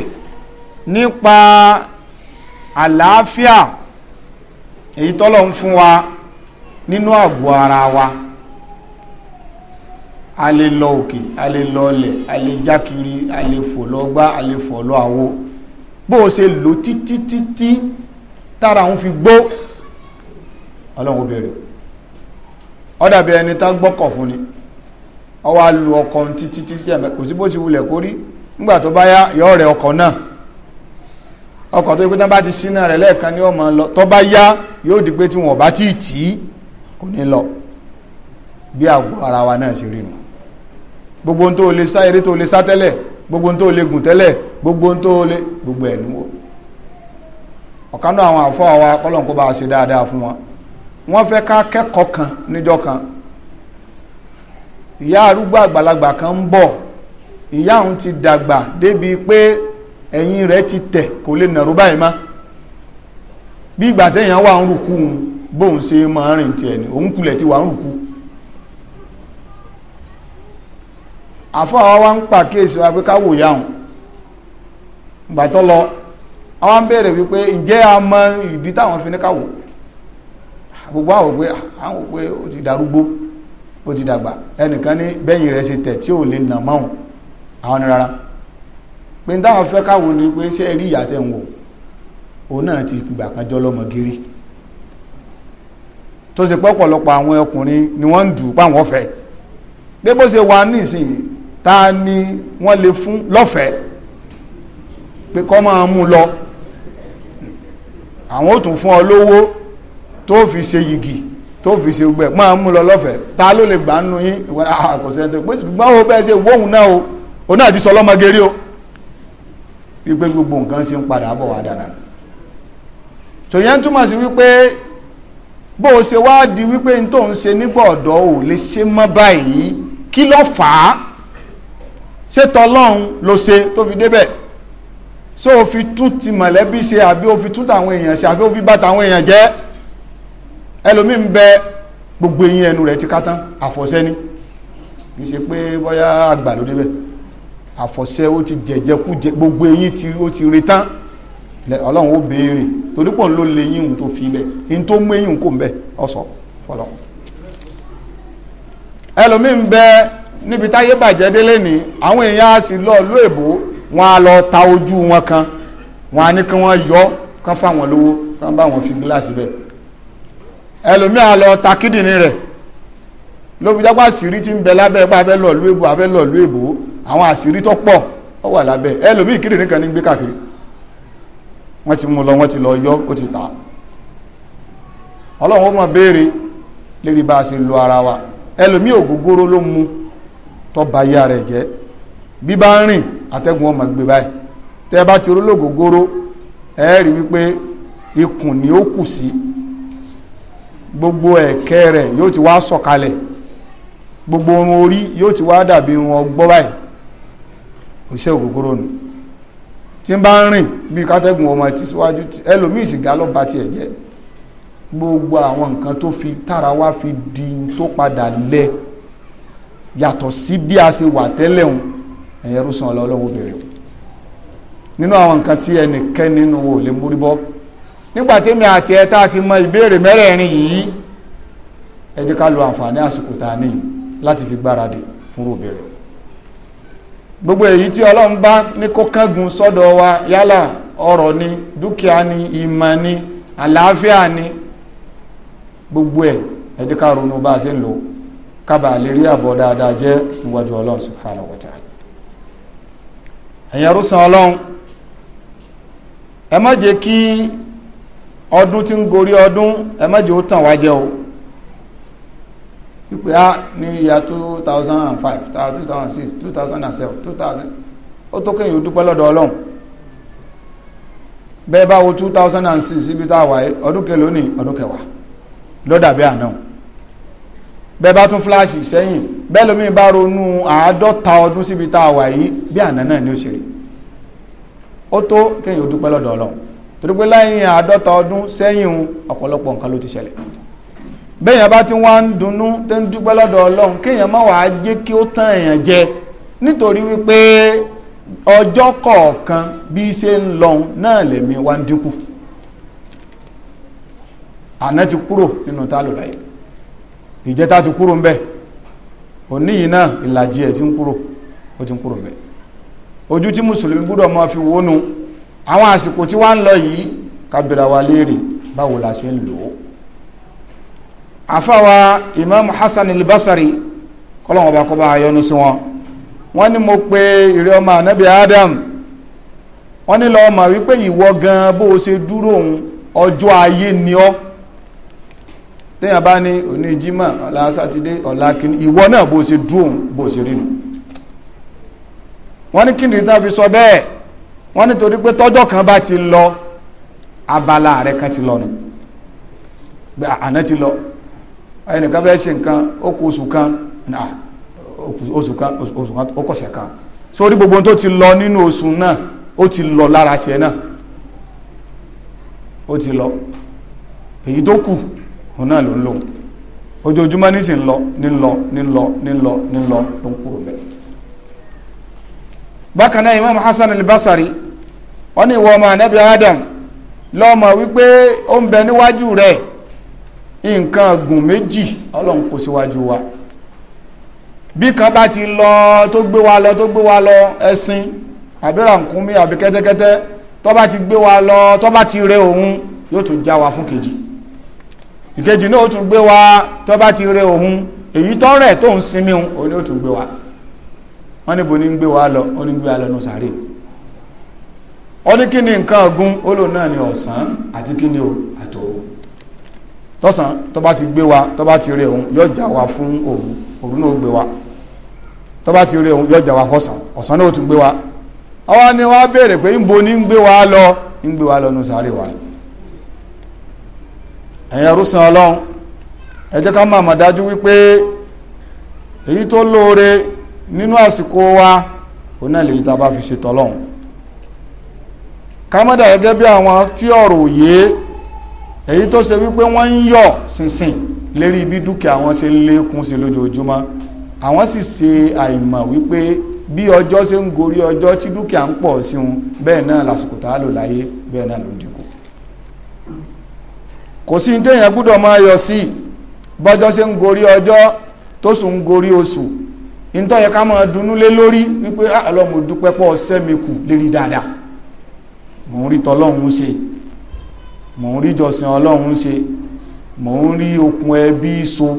nípa àlàáfíà èyí tọ́lọ̀ ń fún wa nínú àgọ́ ara wa. a lè lọ òkè a lè lọ a lè jákiri a lè fò lọ gbá a lè fò lọ àwo bó lò títí títí tára fi gbó ọlọ́run gbọ́kọ̀ fún ni wá lu ọkọ̀ títí títí ẹ̀mẹ́ kò sí ti wulẹ̀ gbogbo tó lè sá eré tó lè sá tẹ́lẹ̀ gbogbo tó lè gùn tẹ́lẹ̀ gbogbo tó lè gbogbo ẹ̀ níwó ọ̀kanú àwọn àfọ́ àwa kọ́lọ̀n kó bá a ṣe dáadáa fún wọn wọ́n fẹ́ ká kẹ́kọ̀ọ́ kan níjọ́ kan ìyá arúgbó àgbàlagbà kan ń bọ̀ ìyá òun ti dàgbà débi pé ẹ̀yìn rẹ̀ ti tẹ̀ kò lè nàró báyìí má bí ìgbà téèyàn wà ń rùkú bóun ṣe máa rìn tiẹ̀ ni òun kulẹ̀ ti wà ń rùkú àfọ́ àwọn wa ń pàkíyèsí wa pé ká wò yá wọn ìgbà tó lọ àwọn ń béèrè wípé ǹjẹ́ a mọ ìdí táwọn fi ní ká wò gbogbo àwọn pé àwọn pé ó ti darúgbó ó ti dàgbà ẹnìkan ní bẹ́yìn rẹ̀ ṣe tẹ̀ tí ò lè nà mọ́hùn àwọn ni rárá pé ní táwọn fẹ́ káwọn ni pé ṣé rí ìyá tẹ̀ ń wò òun náà ti fìgbà kan jọ́ lọ́mọ gírí tó ṣe pọ́pọ̀lọpọ̀ àwọn ọkùnrin ni wọ́n ń dù páwọn fẹ́ gbé bó ṣe wà nísìnyí ta ni wọ́n lè fún lọ́fẹ̀ẹ́ pé kọ́ máa mú lọ àwọn ò tún fún ọ lówó tó fi ṣe yìgì tó fi ṣe gbẹ máa mú lọ lọ́fẹ̀ẹ́ ta ló lè gbà nù yín ìwọ àkọsẹ́ ah, tó pé ṣùgbọ́n ó bẹ́ẹ̀ ṣe wóhùn náà o òun náà ti sọ lọ́mọge o wípé gbogbo nǹkan ṣe ń padà bọ̀ wá dáadáa tòyẹ́ túmọ̀ sí wípé bó o ṣe wá di wípé n tó ń ṣe nígbà ọ̀dọ́ ò lè ṣe mọ́ báyìí kí ló fà á ṣé tọlọ́run ló ṣe tó fi débẹ̀ ṣé o fi tún ti mọ̀lẹ́bí ṣe àbí o fi tún tàwọn èèyàn ṣe àbí o fi bá tàwọn èèyàn jẹ́ ẹlòmíì ń bẹ gbogbo eyín ẹnu rẹ̀ ti ká tán àfọ̀ṣẹ́ ni kì í ṣe pé bóyá àgbà ló débẹ̀ àfọ̀ṣẹ́ ó ti jẹ̀jẹ̀kújẹ gbogbo eyín tí ó ti re tán ọlọ́run ó béèrè torí pọ̀ ló lè yín òun tó fi bẹ̀ in tó mú eyín kò ń bẹ̀ ọ̀sọ̀ fọlọ́run ẹlòmíì ń níbi táyé bàjẹ́ délé ní àwọn èèyàn á sì lọ ló èbó wọn á lọ ta ojú wọn kan wọn á ní kí wọ́n yọ kán fáwọn lówó tán bá wọn fi gíláàsì bẹ́ẹ̀ ẹlòmíà lọ ta kídìnrín rẹ̀ ló fi jápá àṣírí tí ń bẹ lábẹ́ bá abẹ́ lọ ló èbó abẹ́ lọ ló èbó àwọn àṣírí tó pọ̀ ó wà lábẹ́ ẹlòmíì kídìnrín kan ní gbé káàkiri wọ́n ti mú lọ wọ́n ti lọ yọ ó ti ta ọlọ́run ó mọ̀ béèrè lérí bá a ṣe lo ara wa ẹlòmíì ògógóró ló mú tó ba ayé ara bí bá ń rìn atẹ́gùn ọmọ gbé báyìí tẹ́ bá ti rólógógóró ẹ rí wípé ikùn ni ó kù sí gbogbo ẹ̀kẹ́ rẹ̀ yóò ti wá sọ̀kalẹ̀ gbogbo orun orí yóò ti wá dàbí wọn gbọ́ báyìí òṣìṣẹ́ ògógóró nù tí ń bá ń rìn bí kátẹ́gùn ọmọ ti síwájú ẹlòmíì sìgá ló ba tiẹ̀ jẹ́ gbogbo àwọn nǹkan tó fi tára wá fi di tó padà lẹ́ẹ̀ yàtọ̀ sí bí a ṣe wà tẹ́lẹ̀ òun ẹ̀yẹ rúsan ọlọ́wọ́ bẹ̀rẹ̀ nínú àwọn nǹkan tí ẹnikẹ́ni nínú wo lè mórí bọ́ nígbà tí mi àti ẹ̀ta ti mọ ìbéèrè mẹ́rẹ̀ẹ̀rin yìí ẹ jẹ́ ká lo àǹfààní àsìkò tá a níyì láti fi gbáradì fún obìnrin gbogbo èyí tí ọlọ́run bá ní kó kángun sọ́dọ̀ wa yálà ọrọ̀ ni dúkìá ni ìmọ̀ ni àlàáfíà ni gbogbo ẹ̀ ẹ jẹ́ ká ronú bá a ṣe ń lò ó kábà lè rí àbọ̀ dáadáa jẹ́ níwájú ọlọ́run subhanahu wa ta'ala ẹ̀yin arúsàn ọlọ́run ẹ má jẹ́ kí ọdún tí ń gorí ọdún ẹ má jẹ́ ó tàn wá jẹ o wípé á ah, ní ìyá two thousand and five ah, two thousand six two thousand and seven two thousand ó tó kéèyàn ó dúpẹ́ lọ́dọ̀ ọlọ́run bẹ́ẹ̀ bá wo two thousand and six ibi tá a wáyé ọdún kẹlónìí ọdún kẹwàá ló dàbí àná bẹ́ẹ̀ bá tún fúláṣì sẹ́yìn bẹ́ẹ̀ lómi bá ronú àádọ́ta ọdún síbi tá a wà yìí bí àná náà ni ó ṣe rí ó tó kéèyàn ó dúpẹ́ lọ́dọ̀ ọlọ́run torí pé láyìn àádọ́ta ọdún sẹ́yìn ọ̀pọ̀lọpọ̀ nǹkan ló ti ṣẹlẹ̀ bẹ́ẹ̀yàn bá ti wá ń dunnú tó ń dúpẹ́ lọ́dọ̀ ọlọ́run kéèyàn má wàá jẹ́ kí ó tán èèyàn jẹ nítorí wípé ọjọ́ kọ̀ọ̀kan bí í ṣe ń lọ náà lèmi wá ń dínkù àná ti kúrò nínú tá láyé ìjẹta ti kúrò ń bẹ òní yìí náà ìlàjì ẹ̀ ti ń kúrò ó ti ń kúrò ń bẹ ojú tí mùsùlùmí gbúdọ̀ máa fi wónú àwọn àsìkò tí wá ń lọ yìí kábìrà wa léèrè báwo la ṣe ń lò ó àfáwa imam hasan al-basari kọ́lọ́wọ́n ọba kọ́ bá yọ́nú sí wọn wọ́n ní mo pe ìrẹ́ ọmọ ànábì adam wọ́n ní lọ́ọ́ mọ̀ wípé ìwọ gan bó o ṣe dúró òun ọjọ́ ayé ni ọ́ téèyàn bá ní òní jímọ̀ ọ̀la sátidé ọ̀la kìíní ìwọ náà bó ṣe bó ṣe fi sọ bẹ́ẹ̀ wọ́n tori pé tọ́jọ́ kan bá ti lọ abala rẹ̀ kan ti lọ nù Ana ti lọ ẹnìkan fẹ́ ṣe nǹkan ó oṣù kan oṣù kan oṣù kan ó kan sórí gbogbo tó ti lọ nínú oṣù náà ó ti lọ lára tiẹ̀ náà ó ti lọ èyí tó òun náà ló ń lò ojoojúmọ́ ní sì ń lọ ní lọ ní lọ ní lọ ní lọ ló ń kúrò bẹ́ẹ̀. bákan náà imam hasan al-basari wọ́n ní ìwọ ọmọ anabi adam lọ́mọ wípé ó ń bẹ níwájú rẹ̀ nǹkan gùn méjì ọlọ́run kò síwájú wa bí kan bá ti lọ tó gbé wa lọ tó gbé wa lọ ẹṣin àbí ràkúnmí àbí kẹ́tẹ́kẹ́tẹ́ tó bá ti gbé wa lọ tó bá ti rẹ òun yóò tún já wa fún kejì ìkejì náà ó tún gbé wá tó bá ti rẹ òun èyí tó rẹ̀ tó ń sinmi òun ní ó tún gbé wá wọ́n níbo ní ń gbé wá lọ ó ní gbé wá lọ ní sàárè ó ní kí ni nǹkan ọ̀gún ó lò náà ọ̀sán àti kí ni o tọ́sán tó bá ti gbé wá ti rẹ òun yóò fún náà ti rẹ òun yóò ni ẹ̀yin ẹrúsìn ọlọ́run ẹ jẹ́ ká máa mọ̀ dájú wípé èyí tó lóore nínú àsìkò wa òun náà lèyí tá a bá fi ṣe tọ́lọ́run ká má dà gẹ́gẹ́ bí àwọn tí ọ̀rọ̀ òye èyí tó ṣe wípé wọ́n ń yọ̀ sínsìn lérí bí dúkìá wọn ṣe ń lékún sí lójoojúmọ́ àwọn sì ṣe àìmọ̀ wípé bí ọjọ́ ṣe ń gorí ọjọ́ tí dúkìá ń pọ̀ sí wọn bẹ́ẹ̀ náà lásìkò tá a lò láyé bẹ́ẹ̀ náà ló ń dín kò sí téèyàn gbúdọ̀ máa yọ sí bọ́jọ́ ṣe ń gorí ọjọ́ tó sùn ń gorí oṣù ìtọ́ yẹ ká máa dunú lé lórí wípé àlọ́mù ah, dúpẹ́ pọ̀ sẹ́mikù lérí dáadáa mò ń rí tọlọ́run ṣe mò ń rí jọsìn ọlọ́run ṣe mò ń rí okùn ẹbí so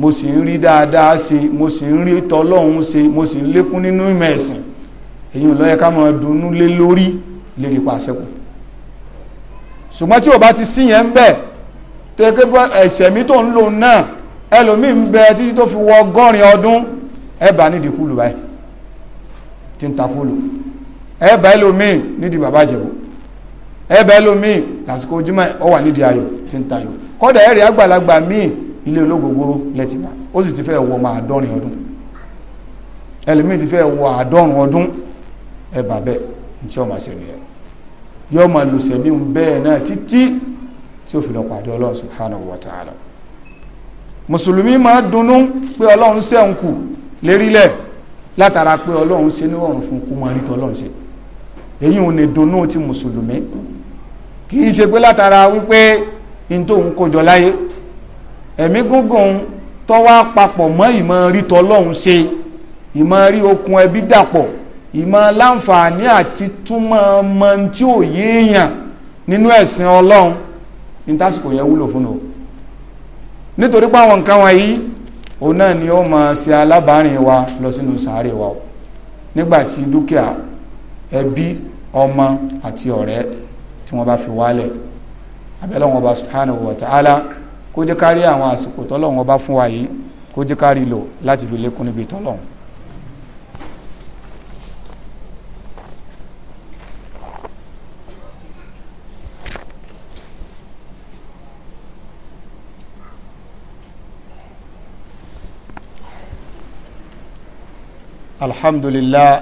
mo sì ń rí dáadáa ṣe mo sì ń rí tọlọ́run ṣe mo sì ń lékún nínú ìmọ̀ èyí ló ká máa dunú lórí lérí pàṣẹkù ṣùgbọ́n tí o bá ti sí yẹn ń bẹ̀ tó yẹ pé ẹ̀ṣẹ̀ mi tó ń lò náà ẹlòmíì ń bẹ títí tó fi wọ ọgọ́rin ọdún ẹ bá nídìí kúlù báyìí tí ń ta kúlù ẹ bá ẹlòmíì nídìí bàbá àjẹbù ẹ bá ẹlòmíì lásìkò ojúmọ́ ọ wà nídìí ayò tí ń ta ayò kọ́dà ẹ̀rí àgbàlagbà míì ilé olóògógóró lẹ́tìmá ó sì ti fẹ́ wọ ọmọ àádọ́rin ọdún ẹlòmíì ti fẹ́ wọ àádọ́rùn ọdún ẹ bàbẹ́ ní tí ọmọ àṣẹ nìyẹn yóò máa lò sẹ̀mí bẹ́ẹ̀ náà títí tí ó fi lọ pàdé ọlọ́run subhanahu wa ta'ala mùsùlùmí máa dunnú pé ọlọ́run sẹ́hùn kù lérílẹ̀ látara pé ọlọ́run ṣe ní ọ̀run fún kú máa rí tọ́lọ́run ṣe èyí ò ní dunnú ti mùsùlùmí kì í ṣe pé látara wípé n tó ń kójọ láyé ẹ̀mí gúngùn tọ́wọ́ papọ̀ mọ́ ìmọ̀ rí tọ́lọ́run ṣe ìmọ̀ rí okun ẹbí dàpọ̀ ìmọ̀ láǹfààní àti túmọ̀ ọmọ tí ò yéèyàn nínú ẹ̀sìn ọlọ́run ní tásìkò yẹn wúlò fún un nítorí pé àwọn nǹkan wọ̀nyí òun náà ni ó máa ṣe alábàárìn wa lọ sínú sàárè wa nígbàtí dúkìá ẹbí ọmọ àti ọ̀rẹ́ tí wọ́n bá fi wálẹ̀ abẹ́lẹ́ wọn bá subhanahu wa ta'ala kó jẹ́ kárí àwọn àsìkò tọ́lọ́run bá fún wa yìí kó jẹ́ kárí lò láti fi lékún níbi tọ́lọ́run الحمد لله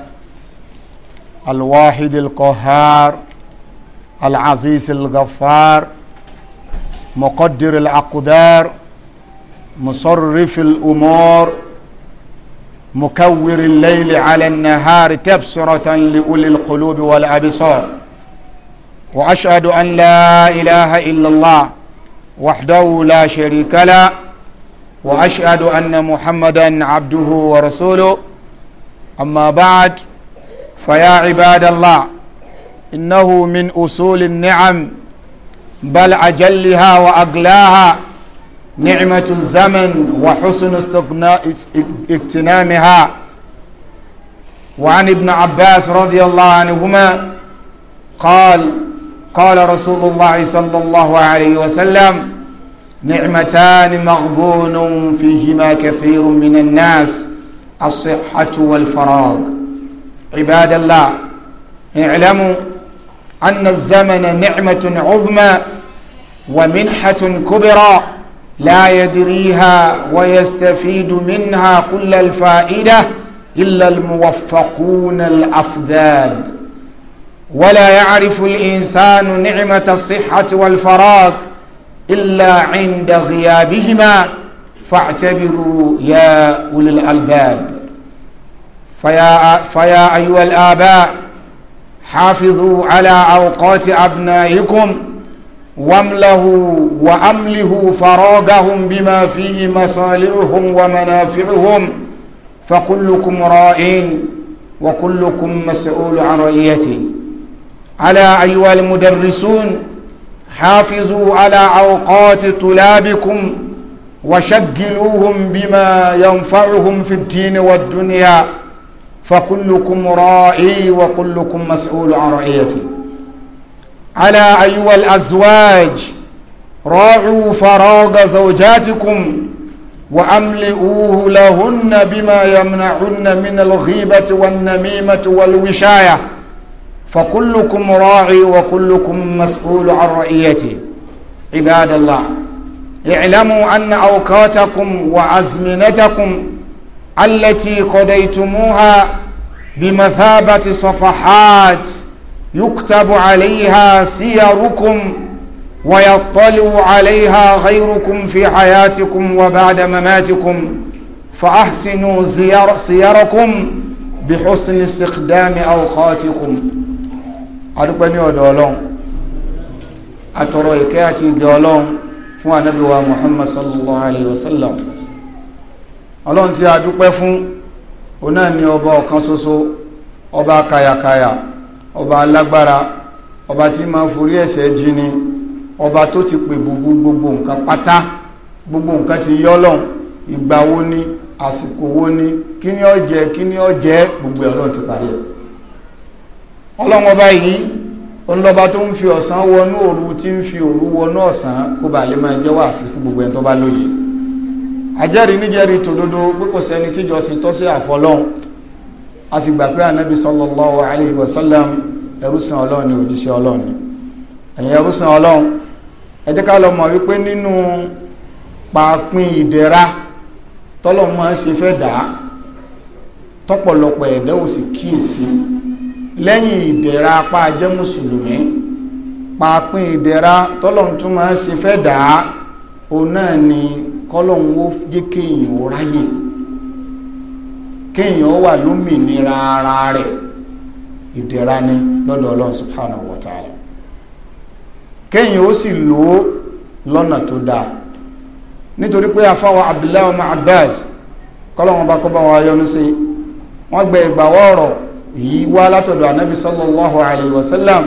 الواحد القهار العزيز الغفار مقدر الأقدار مصرف الأمور مكور الليل على النهار تبصرة لأولي القلوب والأبصار وأشهد أن لا إله إلا الله وحده لا شريك له وأشهد أن محمدا عبده ورسوله أما بعد فيا عباد الله إنه من أصول النعم بل أجلها وأقلاها نعمة الزمن وحسن اغتنامها وعن ابن عباس رضي الله عنهما قال قال رسول الله صلى الله عليه وسلم نعمتان مغبون فيهما كثير من الناس الصحة والفراغ عباد الله اعلموا أن الزمن نعمة عظمى ومنحة كبرى لا يدريها ويستفيد منها كل الفائدة إلا الموفقون الأفذاذ ولا يعرف الإنسان نعمة الصحة والفراغ إلا عند غيابهما فاعتبروا يا أولي الألباب فيا, فيا أيها الآباء حافظوا على أوقات أبنائكم واملهوا وأمله فراغهم بما فيه مصالحهم ومنافعهم فكلكم راع وكلكم مسؤول عن رعيته على أيها المدرسون حافظوا على أوقات طلابكم وشجلوهم بما ينفعهم في الدين والدنيا فكلكم راعي وكلكم مسؤول عن رعيته على أيها الأزواج راعوا فراغ زوجاتكم وأملئوه لهن بما يمنعن من الغيبة والنميمة والوشاية فكلكم راعي وكلكم مسؤول عن رعيته عباد الله اعلموا أن أوقاتكم وأزمنتكم التي قضيتموها بمثابة صفحات يكتب عليها سيركم ويطلع عليها غيركم في حياتكم وبعد مماتكم فأحسنوا زيار سيركم بحسن استخدام أوقاتكم أدوكم يا دولون أترويكاتي دولون fún anabiwa muhammad sallallahu alayhi wa ọlọ́run tí a dúpẹ́ fún o náà ni ọba ọ̀kan ṣoṣo ọba kayakaya ọba alágbára ọba tí ma forí ẹ̀ṣẹ̀ jini ọba tó ti pè gbogbo gbogbo nǹkan pátá gbogbo nǹkan ti yọ́ lọ́hùn ìgbà wo ni àsìkò wo ni kí ni ó kí ni gbogbo ọlọ́run ti parí ẹ̀ ọlọ́run ọba yìí ńlọba tó ń fi ọ̀sán wọnú òru tí ń fi òru wọnú ọ̀sán kó bàa lè máa jẹ́ wàásí fún gbogbo ẹni tó bá lóye àjẹ́rìí níjẹ́rìí tòdodo pé kò sẹ́ni tíjọ́sìn tọ́ sí àfọlọ́hún a sì gbà pé anabi sallallahu alayhi wa sallam ẹrúsàn ọlọ́run ni òjíṣẹ́ ọlọ́run ni ẹ̀yin ẹrúsàn ọlọ́run ẹ jẹ́ ká lọ mọ̀ wípé nínú pàápín ìdẹ̀ra tọ́lọ́ máa ń ṣe fẹ́ dà á tọ́pọ̀lọpọ̀ ẹ̀dá ò lẹ́yìn ìdẹ̀ra apá jẹ́ mùsùlùmí pàápín ìdẹ̀ra tọ́lọ́run tún máa ń ṣe fẹ́ dàá òun náà ni kọ́lọ́run ó jẹ́ kéèyàn ó ráyè kéèyàn ó wà lómìnira ara rẹ̀ ìdẹ̀ra ni lọ́dọ̀ ọlọ́run subhanahu wa ta'ala kéèyàn ó sì lò ó lọ́nà tó dáa nítorí pé afáwọ abdullahi ọmọ abbas kọ́lọ́run bá kọ́ bá wọn yọ́nú sí wọ́n gbẹ ìgbàwọ́ ọ̀rọ̀ yìí wá látọ̀dọ̀ anábì sallallahu alayhi wa sallam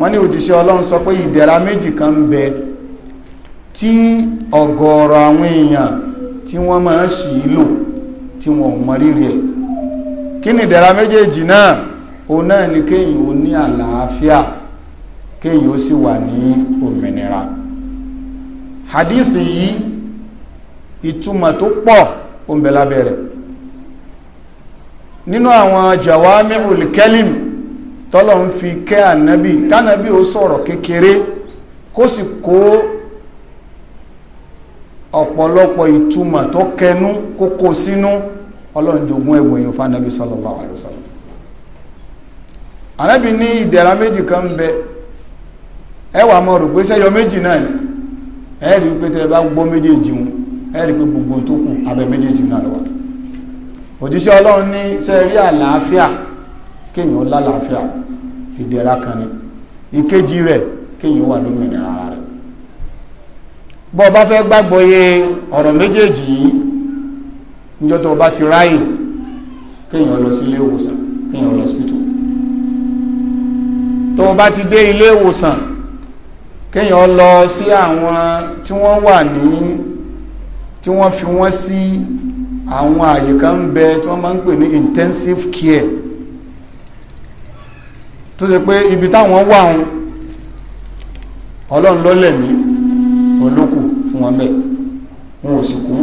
wọ́n ní òjíṣẹ́ ọlọ́run sọ pé ìdẹ̀ra méjì kan ń bẹ tí ọ̀gọ̀ọ̀rọ̀ àwọn èèyàn tí wọ́n máa ń ṣì lò tí wọ́n mọ rírì ẹ̀ kí ni ìdẹ̀ra méjèèjì náà náà ni kéèyàn ó ní àlàáfíà kéèyàn ó sì wà ní òmìnira yìí ìtumọ̀ tó pọ̀ nínú àwọn jawami'ul kalim tọ́lọ̀ ń fi kẹ́ ànábì kánábì ó sọ̀rọ̀ kékeré kó sì kó ọ̀pọ̀lọpọ̀ ìtumọ̀ tó kẹnu kó kó sínú ọlọ́run jogún èèyàn fánábì sallallahu alaihi ànábì ní ìdẹ̀ra méjì kan bẹ ẹ wá rò pé sẹ́yọ méjì náà ni ẹ pé bá gbọ́ méjèèjì wọn gbogbo tó kù abẹ méjèèjì náà òjíṣẹ́ ọlọ́run ní sẹ́rí àlàáfíà kéèyàn lálàáfíà ìdẹ̀ra kan ni ìkejì rẹ̀ kéèyàn wà lómìnira ara rẹ̀ bọ́ ọ bá fẹ́ gbàgbọ́ yé ọ̀rọ̀ méjèèjì yìí níjọ́ tó o bá ti ráyè kéèyàn lọ sí ilé ìwòsàn kéèyàn lọ sípítù tó o bá ti dé ilé ìwòsàn kéèyàn lọ sí àwọn tí wọ́n wà ní tí wọ́n fi wọ́n sí àwọn àyè kan ń bẹ tí wọ́n máa ń pè ní intensive care tó ṣe pé ibi táwọn wà ń ọlọ́run lọ́lẹ̀ mí olókù fún wọn bẹ́ẹ̀ wọn ò sì kú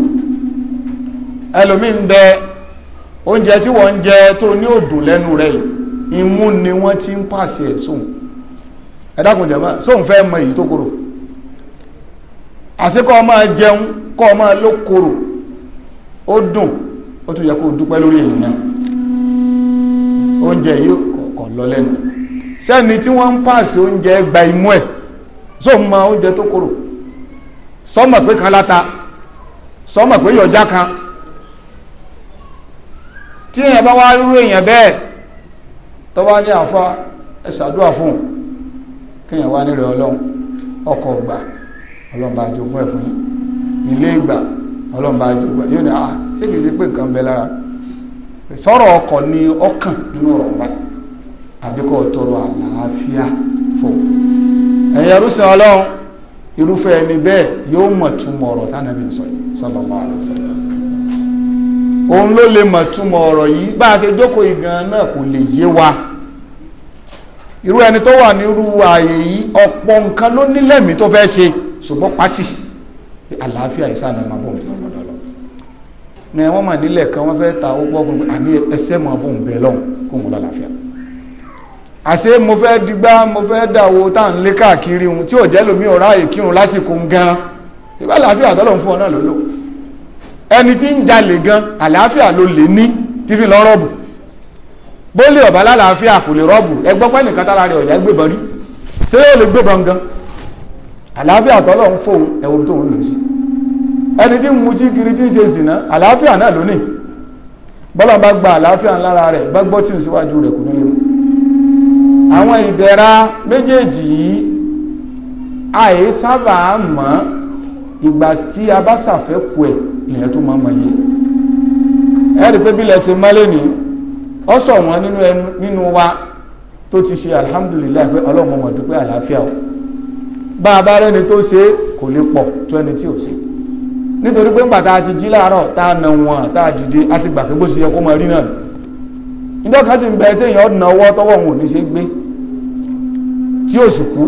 ẹlòmíì ń bẹ oúnjẹ tí wọ́n ń jẹ tó ní òdùn lẹ́nu rẹ̀ imú ni wọ́n ti ń pàṣẹ ẹ̀ sóhun ẹ dákun jàmá sóhun fẹ́ mọ èyí tó korò àṣekọ́ máa jẹun kọ́ máa ló korò ó dùn ó tún yẹ kó dúpẹ́ lórí èyí oúnjẹ yìí kọ̀ lọ lẹ́nu sẹ́ni tí wọ́n ń pààsì oúnjẹ gba imú ẹ̀ só ń mọ oúnjẹ tó korò sọ́mọ̀ pé kan láta sọ́mọ̀ pé yọjá kan tí èèyàn bá wá rú èèyàn bẹ́ẹ̀ tó bá ní àfa fún un kéèyàn wá ọlọ́run ọkọ̀ ọgbà ọlọ́run bá jogún ẹ̀ fún yín ilé ìgbà ọlọ́run bá jogún ẹ̀ yóò ní ah ṣé kìí ṣe pé nǹkan bẹ lára sọ̀rọ̀ ọkọ̀ ni ọkàn nínú ọ̀rọ̀ wa àbí kò tọrọ àlàáfíà fún ẹ̀yin ẹrúsìn ọlọ́run irúfẹ́ ẹni bẹ́ẹ̀ yóò mọ̀ túmọ̀ ọ̀rọ̀ tánàbí sọ sallallahu alaihi wasallam òun ló lè mọ̀ túmọ̀ ọ̀rọ̀ yìí bá a ṣe jókòó ìgan náà kò lè yé wa irú ẹni tó wà nírú ààyè yìí ọ̀pọ̀ nǹkan ló nílẹ̀mí tó fẹ́ ṣe ṣùgbọ́n pátì àlàáfíà ìsànà máa bọ̀ ní wọ́n mà nílẹ̀ kan wọ́n fẹ́ ta owó gbọ́gbọ́n àní ẹsẹ̀ mọ̀ bó ń bẹ lọ́hùn kó ń lálàáfíà àṣé mo fẹ́ digbá mo fẹ́ dàwó tá à ń lé káàkiri ohun tí ò jẹ́ lómi ọ̀rá ìkírun lásìkò gan ìbá àlàáfíà tọ́lọ̀ ń fún ọ náà ló lò ẹni tí ń jalè gan àlàáfíà ló lè ní tí fi lọ rọ́ọ̀bù bólé ọ̀bá lálàáfíà kò lè rọ́ọ̀bù ẹgbọ́n pẹ́ nìkan tára rẹ̀ ọ̀yà gbébọn rí ṣé yóò lè gbébọn gan àlàáfíà tọ́lọ̀ ń fóun ẹ̀wọ̀n tóun lò sí i ẹni tí ń mutí kiri tí ń ṣe sìnà àlàáfíà náà lónìí bọ́lá bá gba àlàáfíà lára rẹ̀ bá gbọ́ tí ń síwájú rẹ̀ kò nílé mu àwọn ìdẹ̀ra méjèèjì yìí àì sábà mọ́ ìgbà tí a bá ṣàfẹ́kù ẹ̀ lèyàn tó máa mọ yìí ẹ̀rí pé bílẹ̀ ṣe mọ́lé ni ọ sọ wọn nínú wa tó ti ṣe alihamudulilayi pé ọlọ́run mọ̀ dúpẹ́ àlàáfíà o bá a bá rẹ́ni tó ṣe kò lè pọ̀ tó ẹni tí ò ṣe nítorí pé ńgbà tá a ti jí láàárọ̀ tá a nà wọn tá a dìde a ti gbà pé bó ṣe yẹ kó mọ rí náà níjọ́ kan sì ń bẹ téèyàn ọ̀nà ọwọ́ tọwọ́ òun ò ní ṣe gbé tí ó sì kú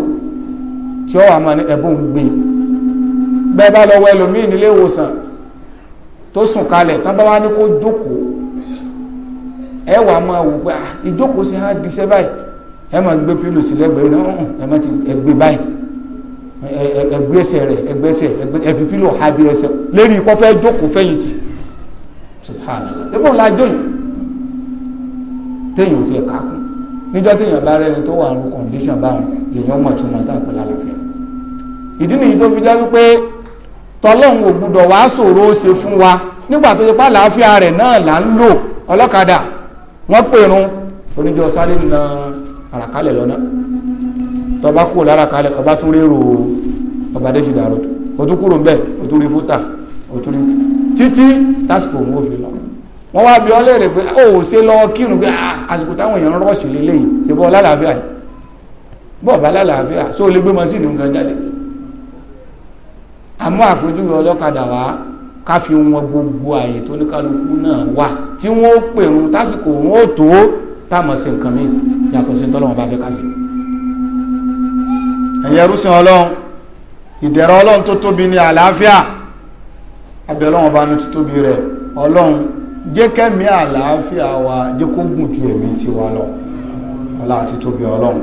tí ó wà máa ní ẹ̀bùn gbé bẹ́ẹ̀ bá lọ́wọ́ ẹlòmíì nílé ìwòsàn tó sùn kalẹ̀ tán bá wá ní kó jókòó ẹ wà máa wò pé ah, ìjókòó sí á di báyìí ẹ máa gbé pílò sí lẹ́gbẹ̀ẹ́ náà ẹ má ti ẹgbẹ́ báyìí ẹgbẹ́sẹ̀ rẹ ẹgbẹ́sẹ̀ ẹfi pílò ha bí ẹsẹ̀ lérí ikọ́ fẹ́ jókòó fẹ̀yìntì subhanallah ẹgbẹ́ lajọ yìí téèyàn ti ẹ̀ka kù níjọ́ téèyàn bá rẹni tó wà ní kọ̀ǹdíṣàn báwọn lèèyàn mọ̀ tó máa tàn pẹ̀lú àlàáfíà ìdí nìyí tó fi wípé tọ́lọ́hún ò gbúdọ̀ wá ṣe fún wa nígbà tó ti pa àlàáfíà rẹ̀ náà là ń lò ọlọ́kadà wọ́n pèrun oníjọ sáré na àràkálẹ̀ lọ́nà tọba kúrò lára kalẹ̀ ọba tún rérò ọba dẹ́sí dàrú o tún kúrò mbẹ́ o tún rí fúta o tún rí títí tásìkò òun ò fi lọ wọ́n wá bí ọlẹ́rìí pé ó ṣe lọ kírun pé ah, àsìkò táwọn èèyàn rọ́ọ̀ṣì lélẹ́yìn ṣe bọ́ lálàáfíà bọ́ ọba lálàáfíà ṣó o lè gbé mọ́sí ìdìbò kan jáde àmọ́ àpèjúwe ọlọ́kadà wá ká fi wọn gbogbo àyè tó ní kálukú náà wà tí wọ́n ó pèrún tásìkò òun ó tó táwọn ṣe nǹkan mí yàtọ̀ sí tọ́lọ́wọ́n bá fẹ́ ká sí ẹ̀yẹ rúsìn ọlọ́run ìdẹ̀rọ ọlọ́run tó tóbi ní àlàáfíà abẹ́ ọlọ́run bá ní tó tóbi rẹ̀ ọlọ́run jẹ́ kẹ́mí àlàáfíà wa jẹ́ kó gùn ju ẹ̀mí ti wa lọ ọlá àti tóbi ọlọ́run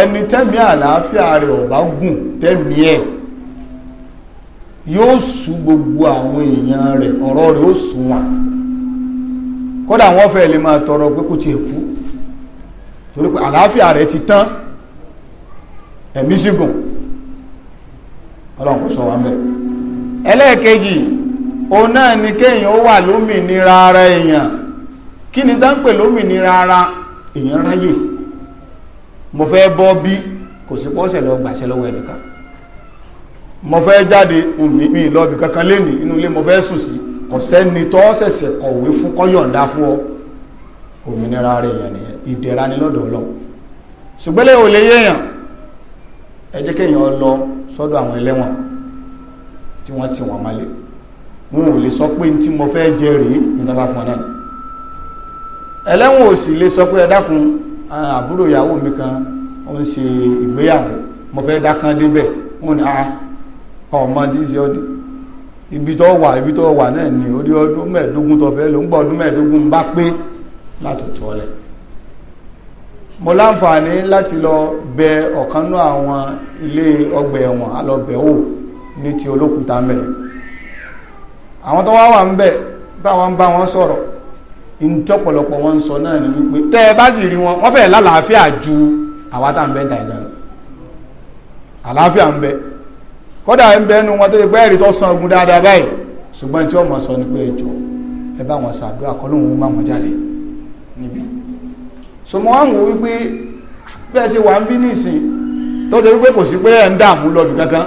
ẹni tẹ́mí àlàáfíà rẹ̀ ò bá gùn tẹ́mí ẹ̀ yóò sú gbogbo àwọn èèyàn rẹ̀ ọ̀rọ̀ rẹ̀ ó sú wọn kódà wọ́n fẹ́ lè máa tọrọ pé kò tiẹ̀ kú torí pé àlàáfíà rẹ̀ ti tán ẹ̀mí sígùn ọlọ́run kò sọ wá ń ẹlẹ́ẹ̀kejì náà ni kéèyàn ó wà lómìnira ara èèyàn kí ni tá ń pè ara èèyàn ráyè mo fẹ́ bọ́ bí kò sí pọ́sẹ̀ lọ gbàṣẹ lọ́wọ́ mo fẹ́ jáde mi ìlọ́bì kankan lénìí inú ilé mo fẹ́ sùn sí kò sẹ́ni ara èèyàn ìdẹ̀ra ni lọ́dọ̀ ọlọ́run ṣùgbọ́n lè ẹ jẹ́ kéèyàn lọ sọ́dọ̀ àwọn ẹlẹ́wọ̀n tí wọ́n ti wọ́n mọ́lé wọn ò lè sọ pé ní tí mo fẹ́ jẹ rèé ní tọ́ba fún ọ náà ẹlẹ́wọ̀n ò sì lè sọ pé ẹ dákun àbúrò ìyàwó mi kan ó ń ṣe ìgbéyàwó mo fẹ́ dákan débẹ̀ wọn ni ah ọmọ tí ń ṣe ọdún ibi tó wà ibi tó wà náà ni ó di ọdún mẹ́ẹ̀ẹ́dógún tó fẹ́ ló ń gbọ́ ọdún mẹ́ẹ̀ẹ́dógún bá pé látòtò ọlẹ́ mo láǹfààní láti lọ bẹ ọ̀kanú àwọn ilé ọgbà ẹ̀wọ̀n alọ́bẹ̀wò ní ti olókùúta mẹ́ àwọn tó wá wà ń bẹ̀ táwọn bá wọn sọ̀rọ̀ ìtọ́pọ̀lọpọ̀ wọn sọ náà ni wípé tẹ́ ẹ bá sì rí wọn wọ́n fẹ́ lálàáfíà ju àwa tá à ń bẹ́ ń ta ìdá lọ àlàáfíà ń bẹ kódà ń bẹ nu wọn tó yẹ pé ẹ̀rí tó san ogun dáadáa báyìí ṣùgbọ́n tí wọ́n mọ̀ sọ ni pé ẹjọ́ ẹ bá wọn ṣàdúrà kọ́ lóun mú àwọn jáde sọmọ wọn wò wípé bẹ́ẹ̀ ṣe wà ń bí nìsín tó ṣe wípé kò sí pé ẹ̀ ń dààmú lọ́bì kankan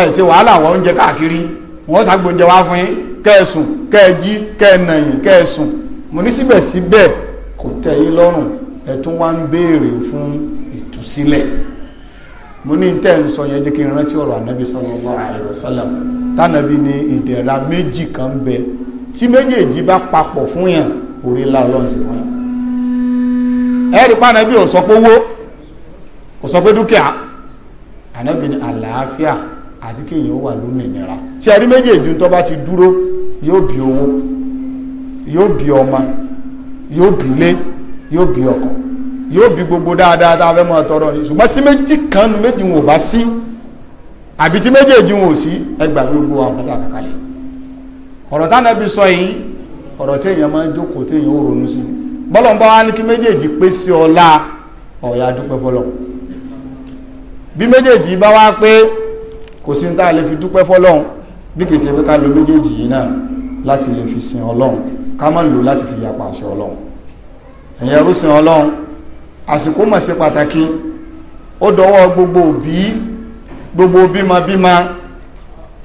ẹ̀ ṣe wàhálà wọ́n oúnjẹ káàkiri wọ́n ṣàgbọ́njẹ wá fún yín kẹ́ẹ̀sùn kẹ́ẹ̀jí kẹ́ẹ̀nàyìn kẹ́ẹ̀sùn mo ní síbẹ̀síbẹ̀ kò tẹ́ yín lọ́rùn ẹ̀ tún wá ń béèrè fún ìtúsílẹ̀ mo ní tẹ́ ń sọ yẹn jẹ́ kí n rántí ọ̀rọ̀ ànábì sallallahu alaihi wasallam tánàbí ni ìdẹ̀ra méjì kan bẹ tí méjèèjì bá papọ̀ fún yàn orí ńlá ọlọ́run sí fún yàn ẹ̀rí pa ànábì ò sọ pé owó kò sọ pé dúkìá ànábì ní àlàáfíà àti kéèyàn ó wà lómìnira ṣe ẹ̀rí méjèèjì tó bá ti dúró yóò bí owó yóò bí ọmọ yóò bí ilé yóò bí ọkọ yóò bí gbogbo dáadáa tá a fẹ́ máa tọrọ yìí ṣùgbọ́n tí méjì kan nu méjì wọn bá sí àbí tí méjèèjì wọn sí ẹgbàá gbogbo àwọn kọta àkàkalẹ̀ ọ̀rọ̀ tánàbí sọ yìí ọ̀rọ̀ téèyàn máa ń jókòó téèyàn ó ronú sí i bọ́lọ̀ bá wá ní kí méjèèjì pé sí ọlá ọ̀yà dúpẹ́ fọ́lọ̀ bí méjèèjì bá wá pé kò sí tá a lè fi dúpẹ́ fọ́lọ́hun bí kì í ṣe pé ká lo méjèèjì yìí náà láti lè fi sin ọlọ́hun ká má lò láti fi yapa àṣẹ ọlọ́hun ẹ̀yìn ẹrú sin ọlọ́hun àsìkò mọ̀ sí pàtàkì ó dọwọ́ gbogbo òbí gbogbo bímọbímọ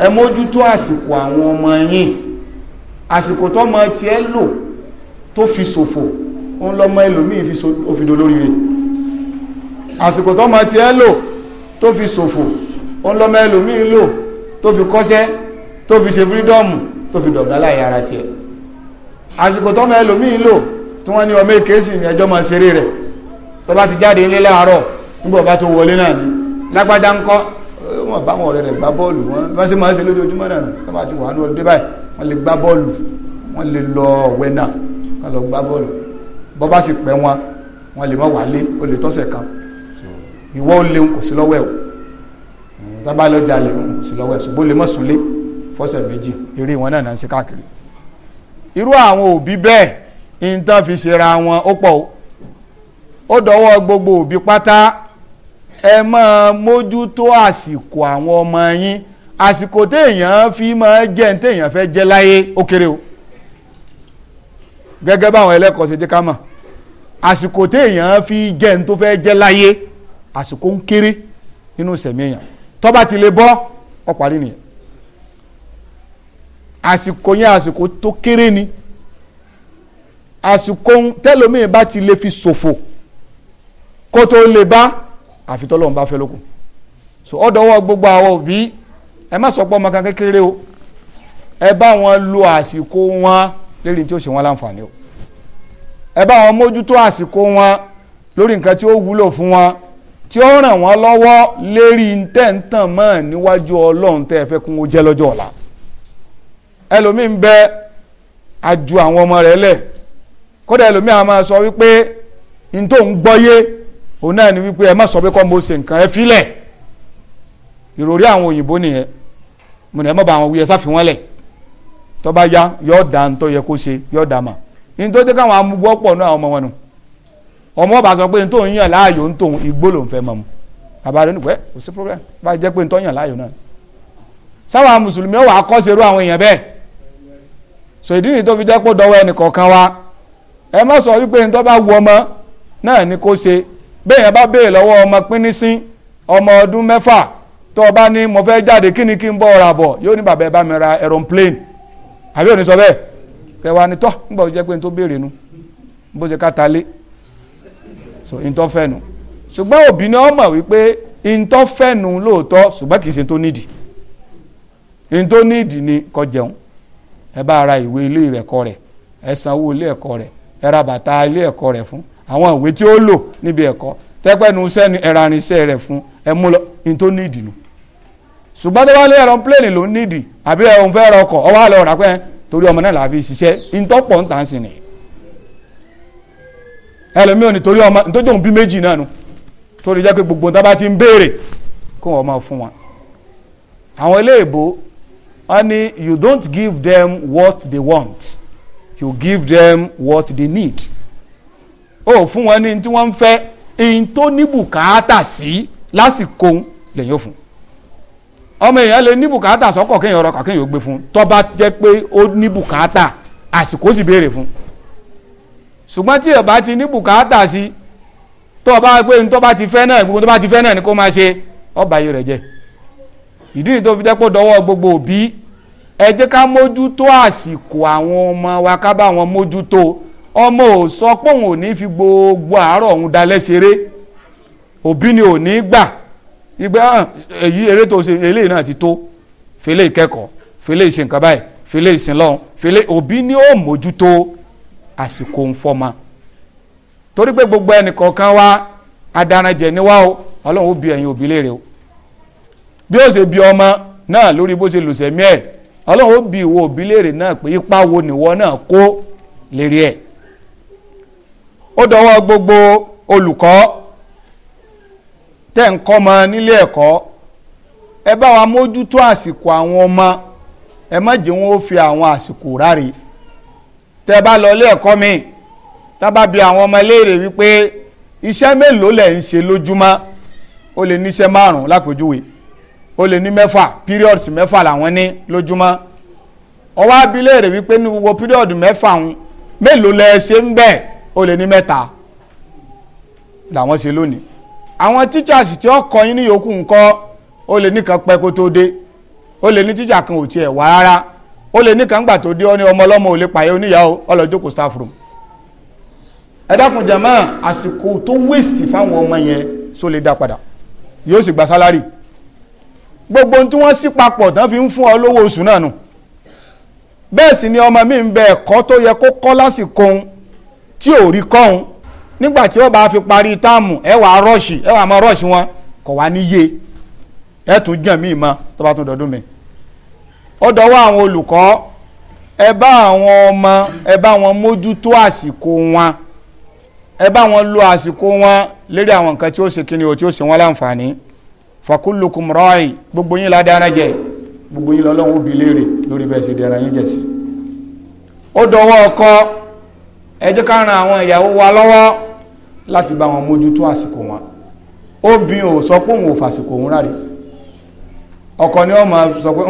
ẹ mójútó àsìkò àwọn ọmọ yín àsìkò tọ́mọ tiẹ̀ lò tó fi ṣòfò ń lọ́mọ ẹlòmíì fi òfìdó lóríire àsìkò tọ́mọ tí ẹ lò tó fi ṣòfò ń lọ́mọ ẹlòmíì lò tó fi kọ́ṣẹ́ tó fi ṣe fírídọ́ọ̀mù tó fi dọ̀gá láyé ara tiẹ̀ àsìkò tọ́mọ ẹlòmíì lò tí wọ́n ní ọmọ èké ní ẹjọ́ máa ṣeré rẹ̀ tó bá ti jáde nílé láàárọ̀ nígbà bá tó wọlé náà ni lágbájá ń kọ́ wọn bá wọn ọ̀rẹ́ rẹ̀ gbá bọ́ọ̀lù wọn bá ṣe máa ń ṣe lójoojúmọ́ náà tó bá ti wà ní ọdún báyìí wọ́n lè gbá bọ́ọ̀lù wọ́n lè lọ wẹ́nà wọ́n lọ gbá bọ́ọ̀lù bọ́ bá sì pẹ́ wọn wọn lè má wálé ó lè tọ́sẹ̀ kan ìwọ ó léwu kò sí lọ́wọ́ ẹ̀ o tábà lọ jalè kò sí lọ́wọ́ ẹ̀ ṣùgbọ́n lè má súnlé fọ́sẹ̀ méjì eré wọn náà náà ń ṣe káàkiri irú àwọn òbí bẹ́ẹ̀ nǹkan fi ṣera wọn ó pọ̀ o ó dọwọ́ gbogbo òbí pátá ẹ máa mójútó àsìkò àwọn ọmọ yín àsìkò téèyàn fi máa jẹ́ téèyàn fẹ́ jẹ́ láyé ó kéré o. Okay, gẹ́gẹ́ báwọn ẹlẹ́kọ̀ọ́ ṣe jẹ́ ká mọ̀ àsìkò téèyàn fi jẹ́ ní tó fẹ́ jẹ́ láyé àsìkò ń kéré nínú sẹ̀mí èèyàn tó bá ti lè bọ́ ọ parí nìyẹn àsìkò yẹn àsìkò tó kéré ni àsìkò tẹ́lómìn bá ti lè fi ṣòfò kó tó lè bá àfi tọ́lọ́run bá fẹ́ lókun so ọ̀dọ̀wọ́ gbogbo àwọn òbí ẹ má sọ pé ọmọ kan kékeré o ẹ bá wọn lo àsìkò wọn lérí tí ó ṣe wọn láǹfààní o ẹ bá wọn mójútó àsìkò wọn lórí nǹkan tí ó wúlò fún wọn tí ó ràn wọ́n lọ́wọ́ lérí tẹ̀ǹtàn mọ́ níwájú ọlọ́run tẹ́ ẹ fẹ́ kún ó jẹ́ lọ́jọ́ ọ̀la ẹlòmíì ń bẹ aju àwọn ọmọ rẹ̀ lẹ̀ kódà ẹlòmíì àwọn máa sọ wípé n tó ń gbọ́yé òun náà ni wípé ẹ má sọ pé kọ́ mo ṣe nǹkan ẹ filẹ̀ ìròrí àwọn òyìnbó nìyẹn mo ní ẹ má bá àwọn wí sáfi wọn lẹ̀ tó ya yá yóò dá ń tó yẹ kó ṣe yóò dá mà ní tó dé káwọn amúgbó pọ̀ náà àwọn ọmọ wọn nù ọmọ bá sọ pé n ń yàn láàyò ń igbó ló ń fẹ́ mọ́ mu bàbá rẹ̀ nìpẹ́ kò sí problem bá jẹ́ pé n tó yàn láàyò náà sáwọn mùsùlùmí ọ̀wà akọ́ṣerú àwọn èèyàn bẹ́ẹ̀ so ìdí nìyí tó fi jẹ́ pé dọwọ́ ẹnìkọ̀ọ̀kan wa ẹ má sọ wípé n tó bá wu ọmọ náà ni kó ṣe bẹ́ẹ̀ yẹn bá béèrè lọ́wọ́ ọmọ pínísín ọmọ ọdún mẹ́fà tó o bá ní mo fẹ́ jáde kí ni kí n bọ́ ọ̀rà bọ̀ yóò ní bàbá ẹ bá mi ra aeroplane àbí òní sọ bẹ́ẹ̀ kẹwàá ni tọ́ nígbà tó jẹ́ pé n tó béèrè nu bó ṣe ká ta lé so n tọ́ fẹ́ nu ṣùgbọ́n òbí ni wọ́n mọ̀ wípé n tọ́ fẹ́ nu lóòótọ́ ṣùgbọ́n kì í ṣe tó nídìí n tó nídìí ni kó jẹun ẹ bá ara ìwé ilé ẹ̀kọ́ rẹ̀ ẹ sanwó ilé ẹ̀kọ́ rẹ̀ ẹ ra bàtà ilé ẹ̀kọ́ rẹ̀ fún àwọn ìwé tí ó lò níbi ẹ̀kọ́ tẹ́pẹ́ nu sẹ́ni ẹ̀ranisẹ́ rẹ̀ fún ẹ mú lọ n tó nídìí nu ṣùgbọ́n tó bá lé ẹ̀rọ ló ń nídìí àbí ẹ̀rọ fẹ́ ẹ̀rọ ọkọ̀ ọwọ́ àlọ́ rà pẹ́ torí ọmọ náà làá ṣiṣẹ́ ntọ́pọ̀ ń tàn sí ni ẹlòmíì ò torí ọmọ nítorí òun bí méjì náà nu torí jẹ́ pé gbogbo nǹkan bá ti ń béèrè kó wọ́n máa fún wa àwọn iléèbó wọ́n ní you don't give them what they want you give them what they need ó fún wọn ní tí wọ́n ń fẹ́ ní tó ní bùkátà sí lásìkò lẹ́yìn òfun ọmọ èèyàn lè ní bùkátà sọ́kọ̀ kéèyàn ọ̀rọ̀ kàkéèyàn ó gbé fún tó bá jẹ́ pé ó ní bùkátà àsìkò sì béèrè fún ṣùgbọ́n tí ọba ti ní bùkátà sí tó pé ní ti fẹ́ náà gbogbo tó ti fẹ́ náà ni kó máa ṣe ọba yìí rẹ̀ jẹ́ ìdí nìyí tó fi jẹ́ pé dọwọ́ gbogbo òbí ẹ jẹ́ ká mójútó àsìkò àwọn ọmọ wa ká bá wọn mójútó ọmọ ò sọ pé òun ò ní fi gbogbo àárọ̀ òun dalẹ̀ ṣeré òbí ni ò ní gbà ìgbẹ́ èyí eré tó ṣe eléyìí náà ti tó fele ìkẹ́kọ̀ọ́ fele ìṣe fele ìsìnlọ́run fele òbí ni ó mójútó àsìkò ńfọ́mà torí pé gbogbo ẹnìkọ̀ọ̀kan wa adaranjẹ níwá o ọlọ́run ó bi ẹ̀yin òbí o bí ó bi ọmọ náà lórí bó ṣe lùsẹ̀mí ẹ̀ ọlọ́run ó bi ìwọ òbí léèrè náà pé ipa wo nìwọ náà kó gbogbo olùkọ́ tẹ́ ń kọ́ ọmọ nílé ẹ̀kọ́ ẹ bá wa mójútó àsìkò àwọn ọmọ ẹ má jẹ́ wọn ó fi àwọn àsìkò ráre tẹ́ bá lọ ilé ẹ̀kọ́ mi tábà bí àwọn ọmọ léèrè wípé iṣẹ́ mélòó lẹ̀ ń ṣe lójúmọ́ ó lè níṣẹ́ márùn-ún lápèjúwe ó lè ní mẹ́fà periods mẹ́fà làwọn ní lójúmọ́ ó abilé bi wípé ní gbogbo píríọ̀dù mẹ́fà ń mélòó lẹ ṣe ń bẹ̀ ó lè ní mẹ́ta làwọn ṣe lónìí àwọn teachers tí ó kọ́ yín ní yòókù ńkọ́ ó lè nìkan pẹ́ kó tó dé ó lè ní teacher kan ò tiẹ̀ wá rárá ó lè nìkan gbà tó dé ó ní ọmọ ọlọ́mọ ò lè pààyè oníyàwó ọlọ́jọ́kọ̀ staff room ẹ dákun jàmá àsìkò tó waste fáwọn ọmọ yẹn só lè dá padà yóò sì gba sálárì gbogbo tí wọ́n sí papọ̀ tán fi ń fún ọ lówó oṣù náà nù bẹ́ẹ̀ sì ni ọmọ mi ń bẹ ẹ̀kọ́ tó yẹ kó kọ́ lásìkò ohun tí ò rí kọ́ ohun nígbà tí ó bá fi parí táàmù ẹ wà rọ́ọ̀ṣì ẹ wà mọ rọ́ọ̀ṣì wọn kò wá níye ẹ tún jàn míì mọ tó bá tún dọdún mi ó dọwọ́ àwọn olùkọ́ ẹ bá àwọn ọmọ ẹ bá wọn mójútó àsìkò wọn ẹ bá wọn lo àsìkò wọn lérí àwọn nǹkan tí ó ṣe kíni o tí ó ṣe wọn láǹfààní fakulukum rọ́ọ̀ì gbogbo yín ládé ara jẹ gbogbo yín lọ́lọ́run bi léèrè lórí bẹ́ẹ̀ ṣe di ara yín jẹ̀ sí ó dọwọ́ ọkọ ẹ jẹ́ àwọn ìyàwó wa lọ́wọ́ láti bá wọn mójútó àsìkò wọn obìnrin ò sọ pé òun ò fàsìkò òun ráre ọkọ ni ó máa sọ pé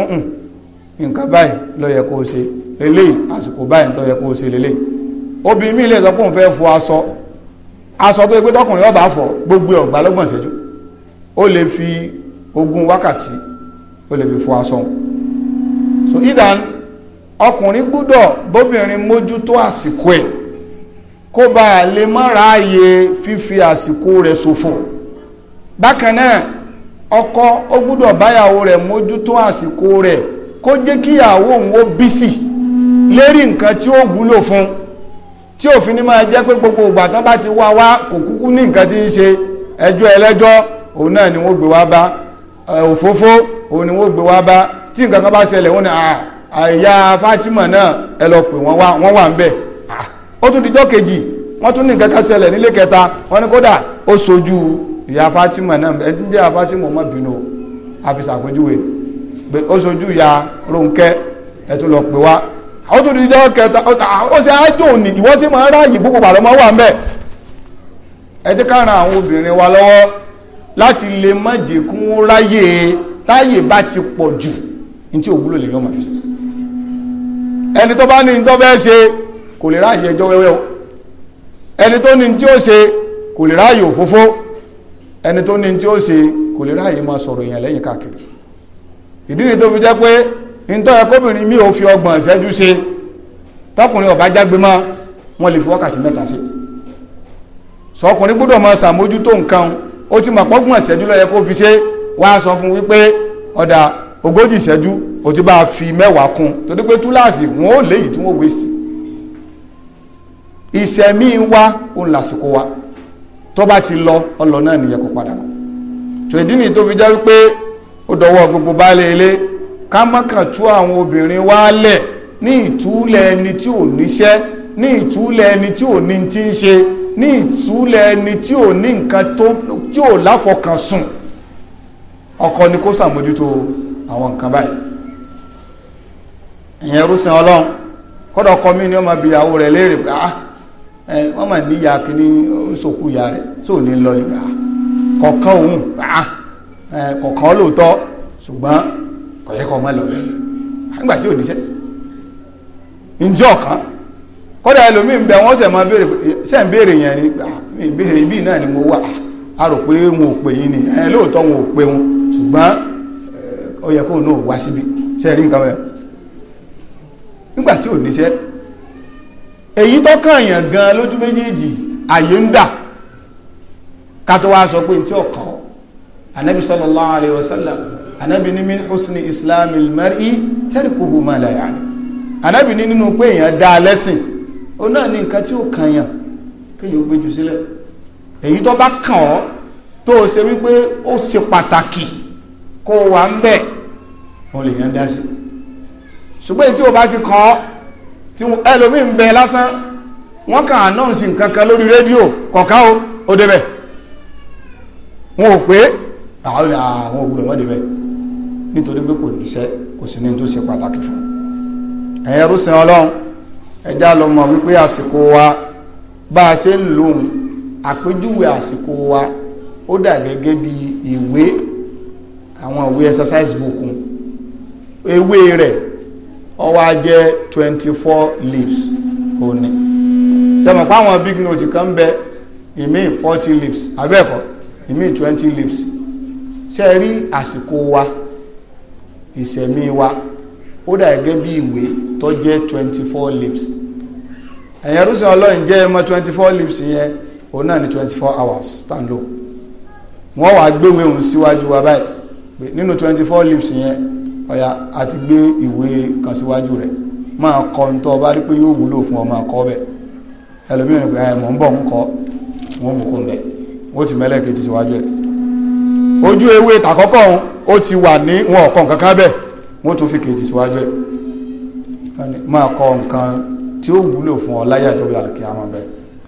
nǹkan báyìí ló yẹ kó o ṣe eléyìí àsìkò báyìí tó yẹ kó o ṣe lélẹ̀ obìnrin mi sọ pé òun fẹ́ fọ aṣọ aṣọ tó yẹ pé tọkùnrin ọba fọ gbogbo ọgbà lọ́gbọ̀n ìṣẹ́jú ó lè fi ogún wákàtí ó lè fi fọ aṣọ so idan ọkùnrin gbọ́dọ̀ bóbìnrin mójútó àsìkò ẹ̀ kó bá a lè mọ́ra ráàyè fífi àsìkò rẹ̀ ṣòfò bákan náà ọkọ ó gbúdọ̀ báyàwó rẹ̀ mójútó àsìkò rẹ̀ kó jẹ́ kíyàwó òun ó bísì lérí nǹkan tí ó wúlò fún tí òfin ní máa jẹ́ pé gbogbo ògbà ti wá wá kò kúkú ní ni wọ́n gbé wá bá òfófó òun ni wọ́n gbé wá bá tí nǹkan kan Fatima náà ẹ lọ pè wọ́n ó tún dijọ́ kejì wọ́n tún ní nǹkan kan n'ile nílé kẹta wọ́n ní kódà ó sojú ìyá Fatima náà ẹ jẹ́ Fatima ọmọ bínú àfisàpéjúwe ó sojú ìyá ronke ẹ lọ wá ó tún dijọ́ kẹta ó ṣe ájò ní ìwọ́n sì máa ń ráàyè púpọ̀ wà wa lọ́wọ́ láti lè má ráyè táyè bá ti pọ̀ jù ní tí òwúlò lè yọ màá fi ẹni tó bá ní ní kò lè ráàyè ẹjọ́ wẹ́wẹ́ o ẹni tó ní tí ó ṣe kò lè ráàyè òfófó ẹni tó ní tí ó ṣe kò lè ráàyè máa sọ̀rọ̀ èèyàn lẹ́yìn káàkiri ìdí ni tó fi jẹ́ pé nítorí ẹkọ́bìnrin mi ò fi ọgbọ̀n ìṣẹ́jú ṣe tọkùnrin ọ̀bá jágbe mọ́ wọn lè fi wákàtí mẹ́ta sí sọkùnrin gbọ́dọ̀ máa ṣàmójútó nǹkan ó ti mọ̀ pọ́gbọ̀n ìṣẹ́jú ló kó fi ṣe wá sọ fún wípé ọ̀dà ogójì ìṣẹ́jú ó ti bá fi mẹ́wàá kún torí pé túláàsì wọn ò léyìí tí wọ́n wéṣì ìṣẹ̀mí wa òun làsìkò wa tó bá ti lọ ọlọ náà nìyẹn kó padà tòdí ni tó fi jẹ́ wípé ó dọ̀wọ́ gbogbo baálé ilé ká mọ́kàn tú àwọn obìnrin wálẹ̀ ní ìtúlẹ̀ ẹni tí ò níṣẹ́ ní ìtúlẹ̀ ẹni tí ò ní ti ń ṣe ní ìtúlẹ̀ ẹni tí ò ní nǹkan tí ò láfọkànsùn ọkọ ni kó ṣàmójútó àwọn nǹkan báyìí ìyẹn rúṣin ọlọ́run kọ́dọ̀ ọkọ mi ni ó máa bi ìyàwó rẹ̀ léèrè pé ah ẹ wọ́n mà níyà kíní ń sòkú ìyá rẹ̀ tó ní lọ nígbà ah, kọ̀ọ̀kan òun ah, kọ̀ọ̀kan lóòótọ́ ṣùgbọ́n kọ̀yẹ́kọ̀ mọ́ lọ bẹ́ẹ̀ nígbà tí ò níṣẹ́ ǹjọ́ kan kódà ẹlòmíì bẹ wọ́n sẹ̀ máa béèrè sẹ́ ń béèrè yẹn ni ah, mi béèrè ibi náà ni mo wà a rò pé wọn ò pè yín ni ẹ lóòótọ́ wọn ò pè wọn ṣùgbọ́n ó yẹ kóun náà wá síbi ṣe rí nǹkan bẹ́ẹ̀ nígbà tí ò níṣẹ́ èyí tó kàn yàn gan lójú méjèèjì àyè ń gbà ká tó wá sọ pé tí ọkàn anabi sallallahu alayhi wa sallam anabi ní min husni Islam ilmari tarkuhu ma la ya'ni anabi ní nínú pé èèyàn dá a lẹ́sìn ó náà ní nǹkan tí ó kàn yàn kéèyàn ó gbéjú sílẹ̀ èyí tó bá kàn ọ́ tó o ṣe wípé ó ṣe pàtàkì kó o wà ń bẹ̀ wọn lè yàn dá sí ṣùgbọ́n tí o bá ti kàn ọ́ tí ẹlòmí ń bẹ lásán wọ́n kàn anọ́ǹsì nǹkan kan lórí rédíò kọ̀ọ̀ká o ó débẹ̀ wọn ò pé àwọn àwọn òwúrọ̀ wọ́n débẹ̀ nítorí pé kò níṣẹ́ kò sí ní tó ṣe pàtàkì fún ẹ̀yẹ rúṣin ọlọ́run ẹjá lọ mọ̀ wípé àsìkò wa bá a ṣe ń lòun àpéjúwe àsìkò wa ó dà gẹ́gẹ́ bí ìwé àwọn ìwé exercise book ewé rẹ̀ ó wá jẹ́ twenty four leaves òní sẹ́mọ̀ páwọn big note kan bẹ ìmíì forty leaves abẹ́ẹ̀kọ́ ìmíì twenty leaves ṣe rí àsìkò wa ìṣẹ̀mí wa ó dà gẹ́gẹ́ bí ìwé tó jẹ́ twenty four leaves ẹ̀yẹn rúṣin ọlọ́run jẹ́ ẹmọ twenty four leaves yẹn òun náà ní twenty four hours Stand low. lò wọ́n wàá gbéwèé òun síwájú wa báyìí nínú twenty four leaves yẹn ọ̀yà àti gbé ìwé kan síwájú rẹ̀ máa kọ ní tọ́ ọba rí pé yóò wúlò fún ọ máa kọ́ bẹ̀ ẹlòmíràn pé ẹ̀ mọ̀ ń bọ̀ ń kọ́ wọ́n mú kó ń bẹ̀ wọ́n ti mẹ́lẹ̀ kejì síwájú ẹ̀ ojú ewé tàkọ́kọ́ òun ó ti wà ní wọn ọ̀kọ́ nǹkan kan bẹ̀ wọ́n tún fi kejì síwájú ẹ̀ máa kọ nǹkan tí ó wúlò fún ọ láyé àjọba àlùkí àwọn bẹ̀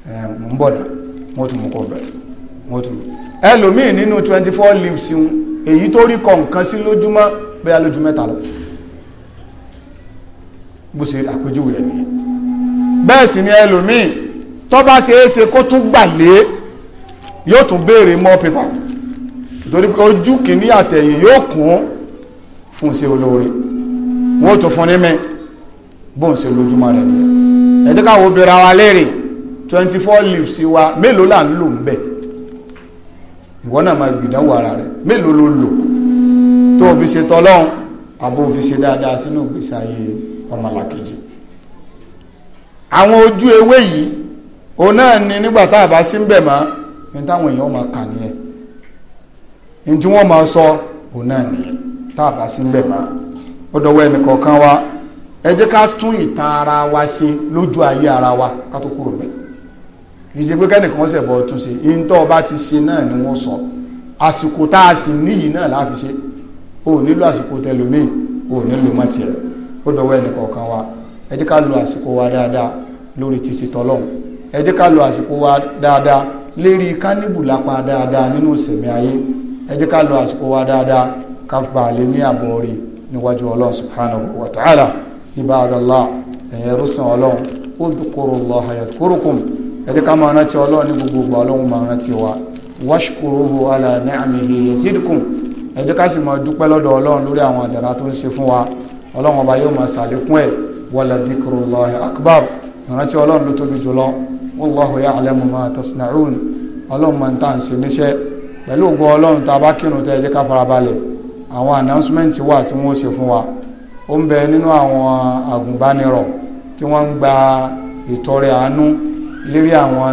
ẹ̀ mọ̀ ń bọ̀ náà wọ́n tún mú kó ń bẹ̀ wọ́n tún ẹlòmíì nínú twenty four leaves èyí tó rí kọ̀ọ̀kan sí lójúmọ́ bóyá lójú mẹ́ta lọ bó ṣe àpèjúwe ẹ̀ nìyẹn bẹ́ẹ̀ sì ni ẹlòmíì tó bá ṣe é ṣe kó tún gbà lé yóò tún béèrè mọ́ pépà torí pé ojú kìíní àtẹ̀yìn yóò kún fún ṣe olóore wọ́n tún fún ní mi bó ń ṣe lójúmọ́ rẹ̀ nìyẹn ẹ jẹ́ bẹ̀rẹ̀ àwa léèrè twenty four leaves wa mélòó là ń lò ń bẹ̀ ìwọ náà máa gbìdánwò ara rẹ̀ mélòó ló lò tó fi ṣe tọ́lọ́hún àbó fi ṣe dáadáa sínú ìgbésí ayé ọmọlàkejì àwọn ojú ewé yìí òun náà ni nígbà tá a bá sí ń bẹ̀ mọ́ ní táwọn èèyàn máa kà nìyẹn ní tí wọ́n máa sọ òun náà nìyẹn tá a bá sí ń bẹ̀ mọ́ ó dọwọ́ ẹnì kọ̀ọ̀kan wa ẹ jẹ́ ká tún ìtàn ara wa ṣe lójú ayé ara wa ká tó kúrò bẹ́ẹ̀ kì í ṣe pé kẹ́nìkan ọ̀sẹ̀ bọ̀ ìyẹn tó o bá ti ṣe náà ni wọ́n sọ àsìkò tá a sì níyì náà láàfi ṣe o ò nílò àsìkò tẹlòmíì o ò nílò mọ́ tiẹ̀ ó dọ̀wọ́ ẹnìkọ̀ọ̀kan wa ẹ jẹ́ ká lo àsìkò wa dáadáa lórí títí tọ́lọ́hún ẹ jẹ́ ká lo àsìkò wa dáadáa lérí kánìbù lápá dáadáa nínú ìsẹ̀mí ayé ẹ jẹ́ ká lo àsìkò wa dáadáa ká bá a lè ní àbọ̀ rí níwájú ọlọ́run subhanahu wa ta'ala ibadallah ẹ̀yẹ rúsàn ọlọ́run udhkurullaha yadhkurukum ẹ jẹ́ ká máa rántí ọlọ́run ní gbogbo ọlọ́run máa rántí wa washkuruhu ala ni'amihi yazidkum ẹ jẹ́ ká sì máa dúpẹ́ lọ́dọ̀ ọlọ́run lórí àwọn àdàrà tó ń ṣe fún wa ọlọ́run ọba yóò máa ṣàlékún ẹ̀ wala dhikrullahi akbar ìrántí ọlọ́run ló tóbi jùlọ wallahu ya'lamu ma tasna'un ọlọ́run máa ń tà ń ṣe níṣẹ́ pẹ̀lú ògbó ọlọ́run tá a bá kírun tẹ́ ẹ jẹ́ ká farabalẹ̀ àwọn announcement wà tí wọ́n ṣe fún wa ó ń bẹ nínú àwọn agùnbánirọ̀ tí wọ́n ń gba ìtọrẹ àánú lérí àwọn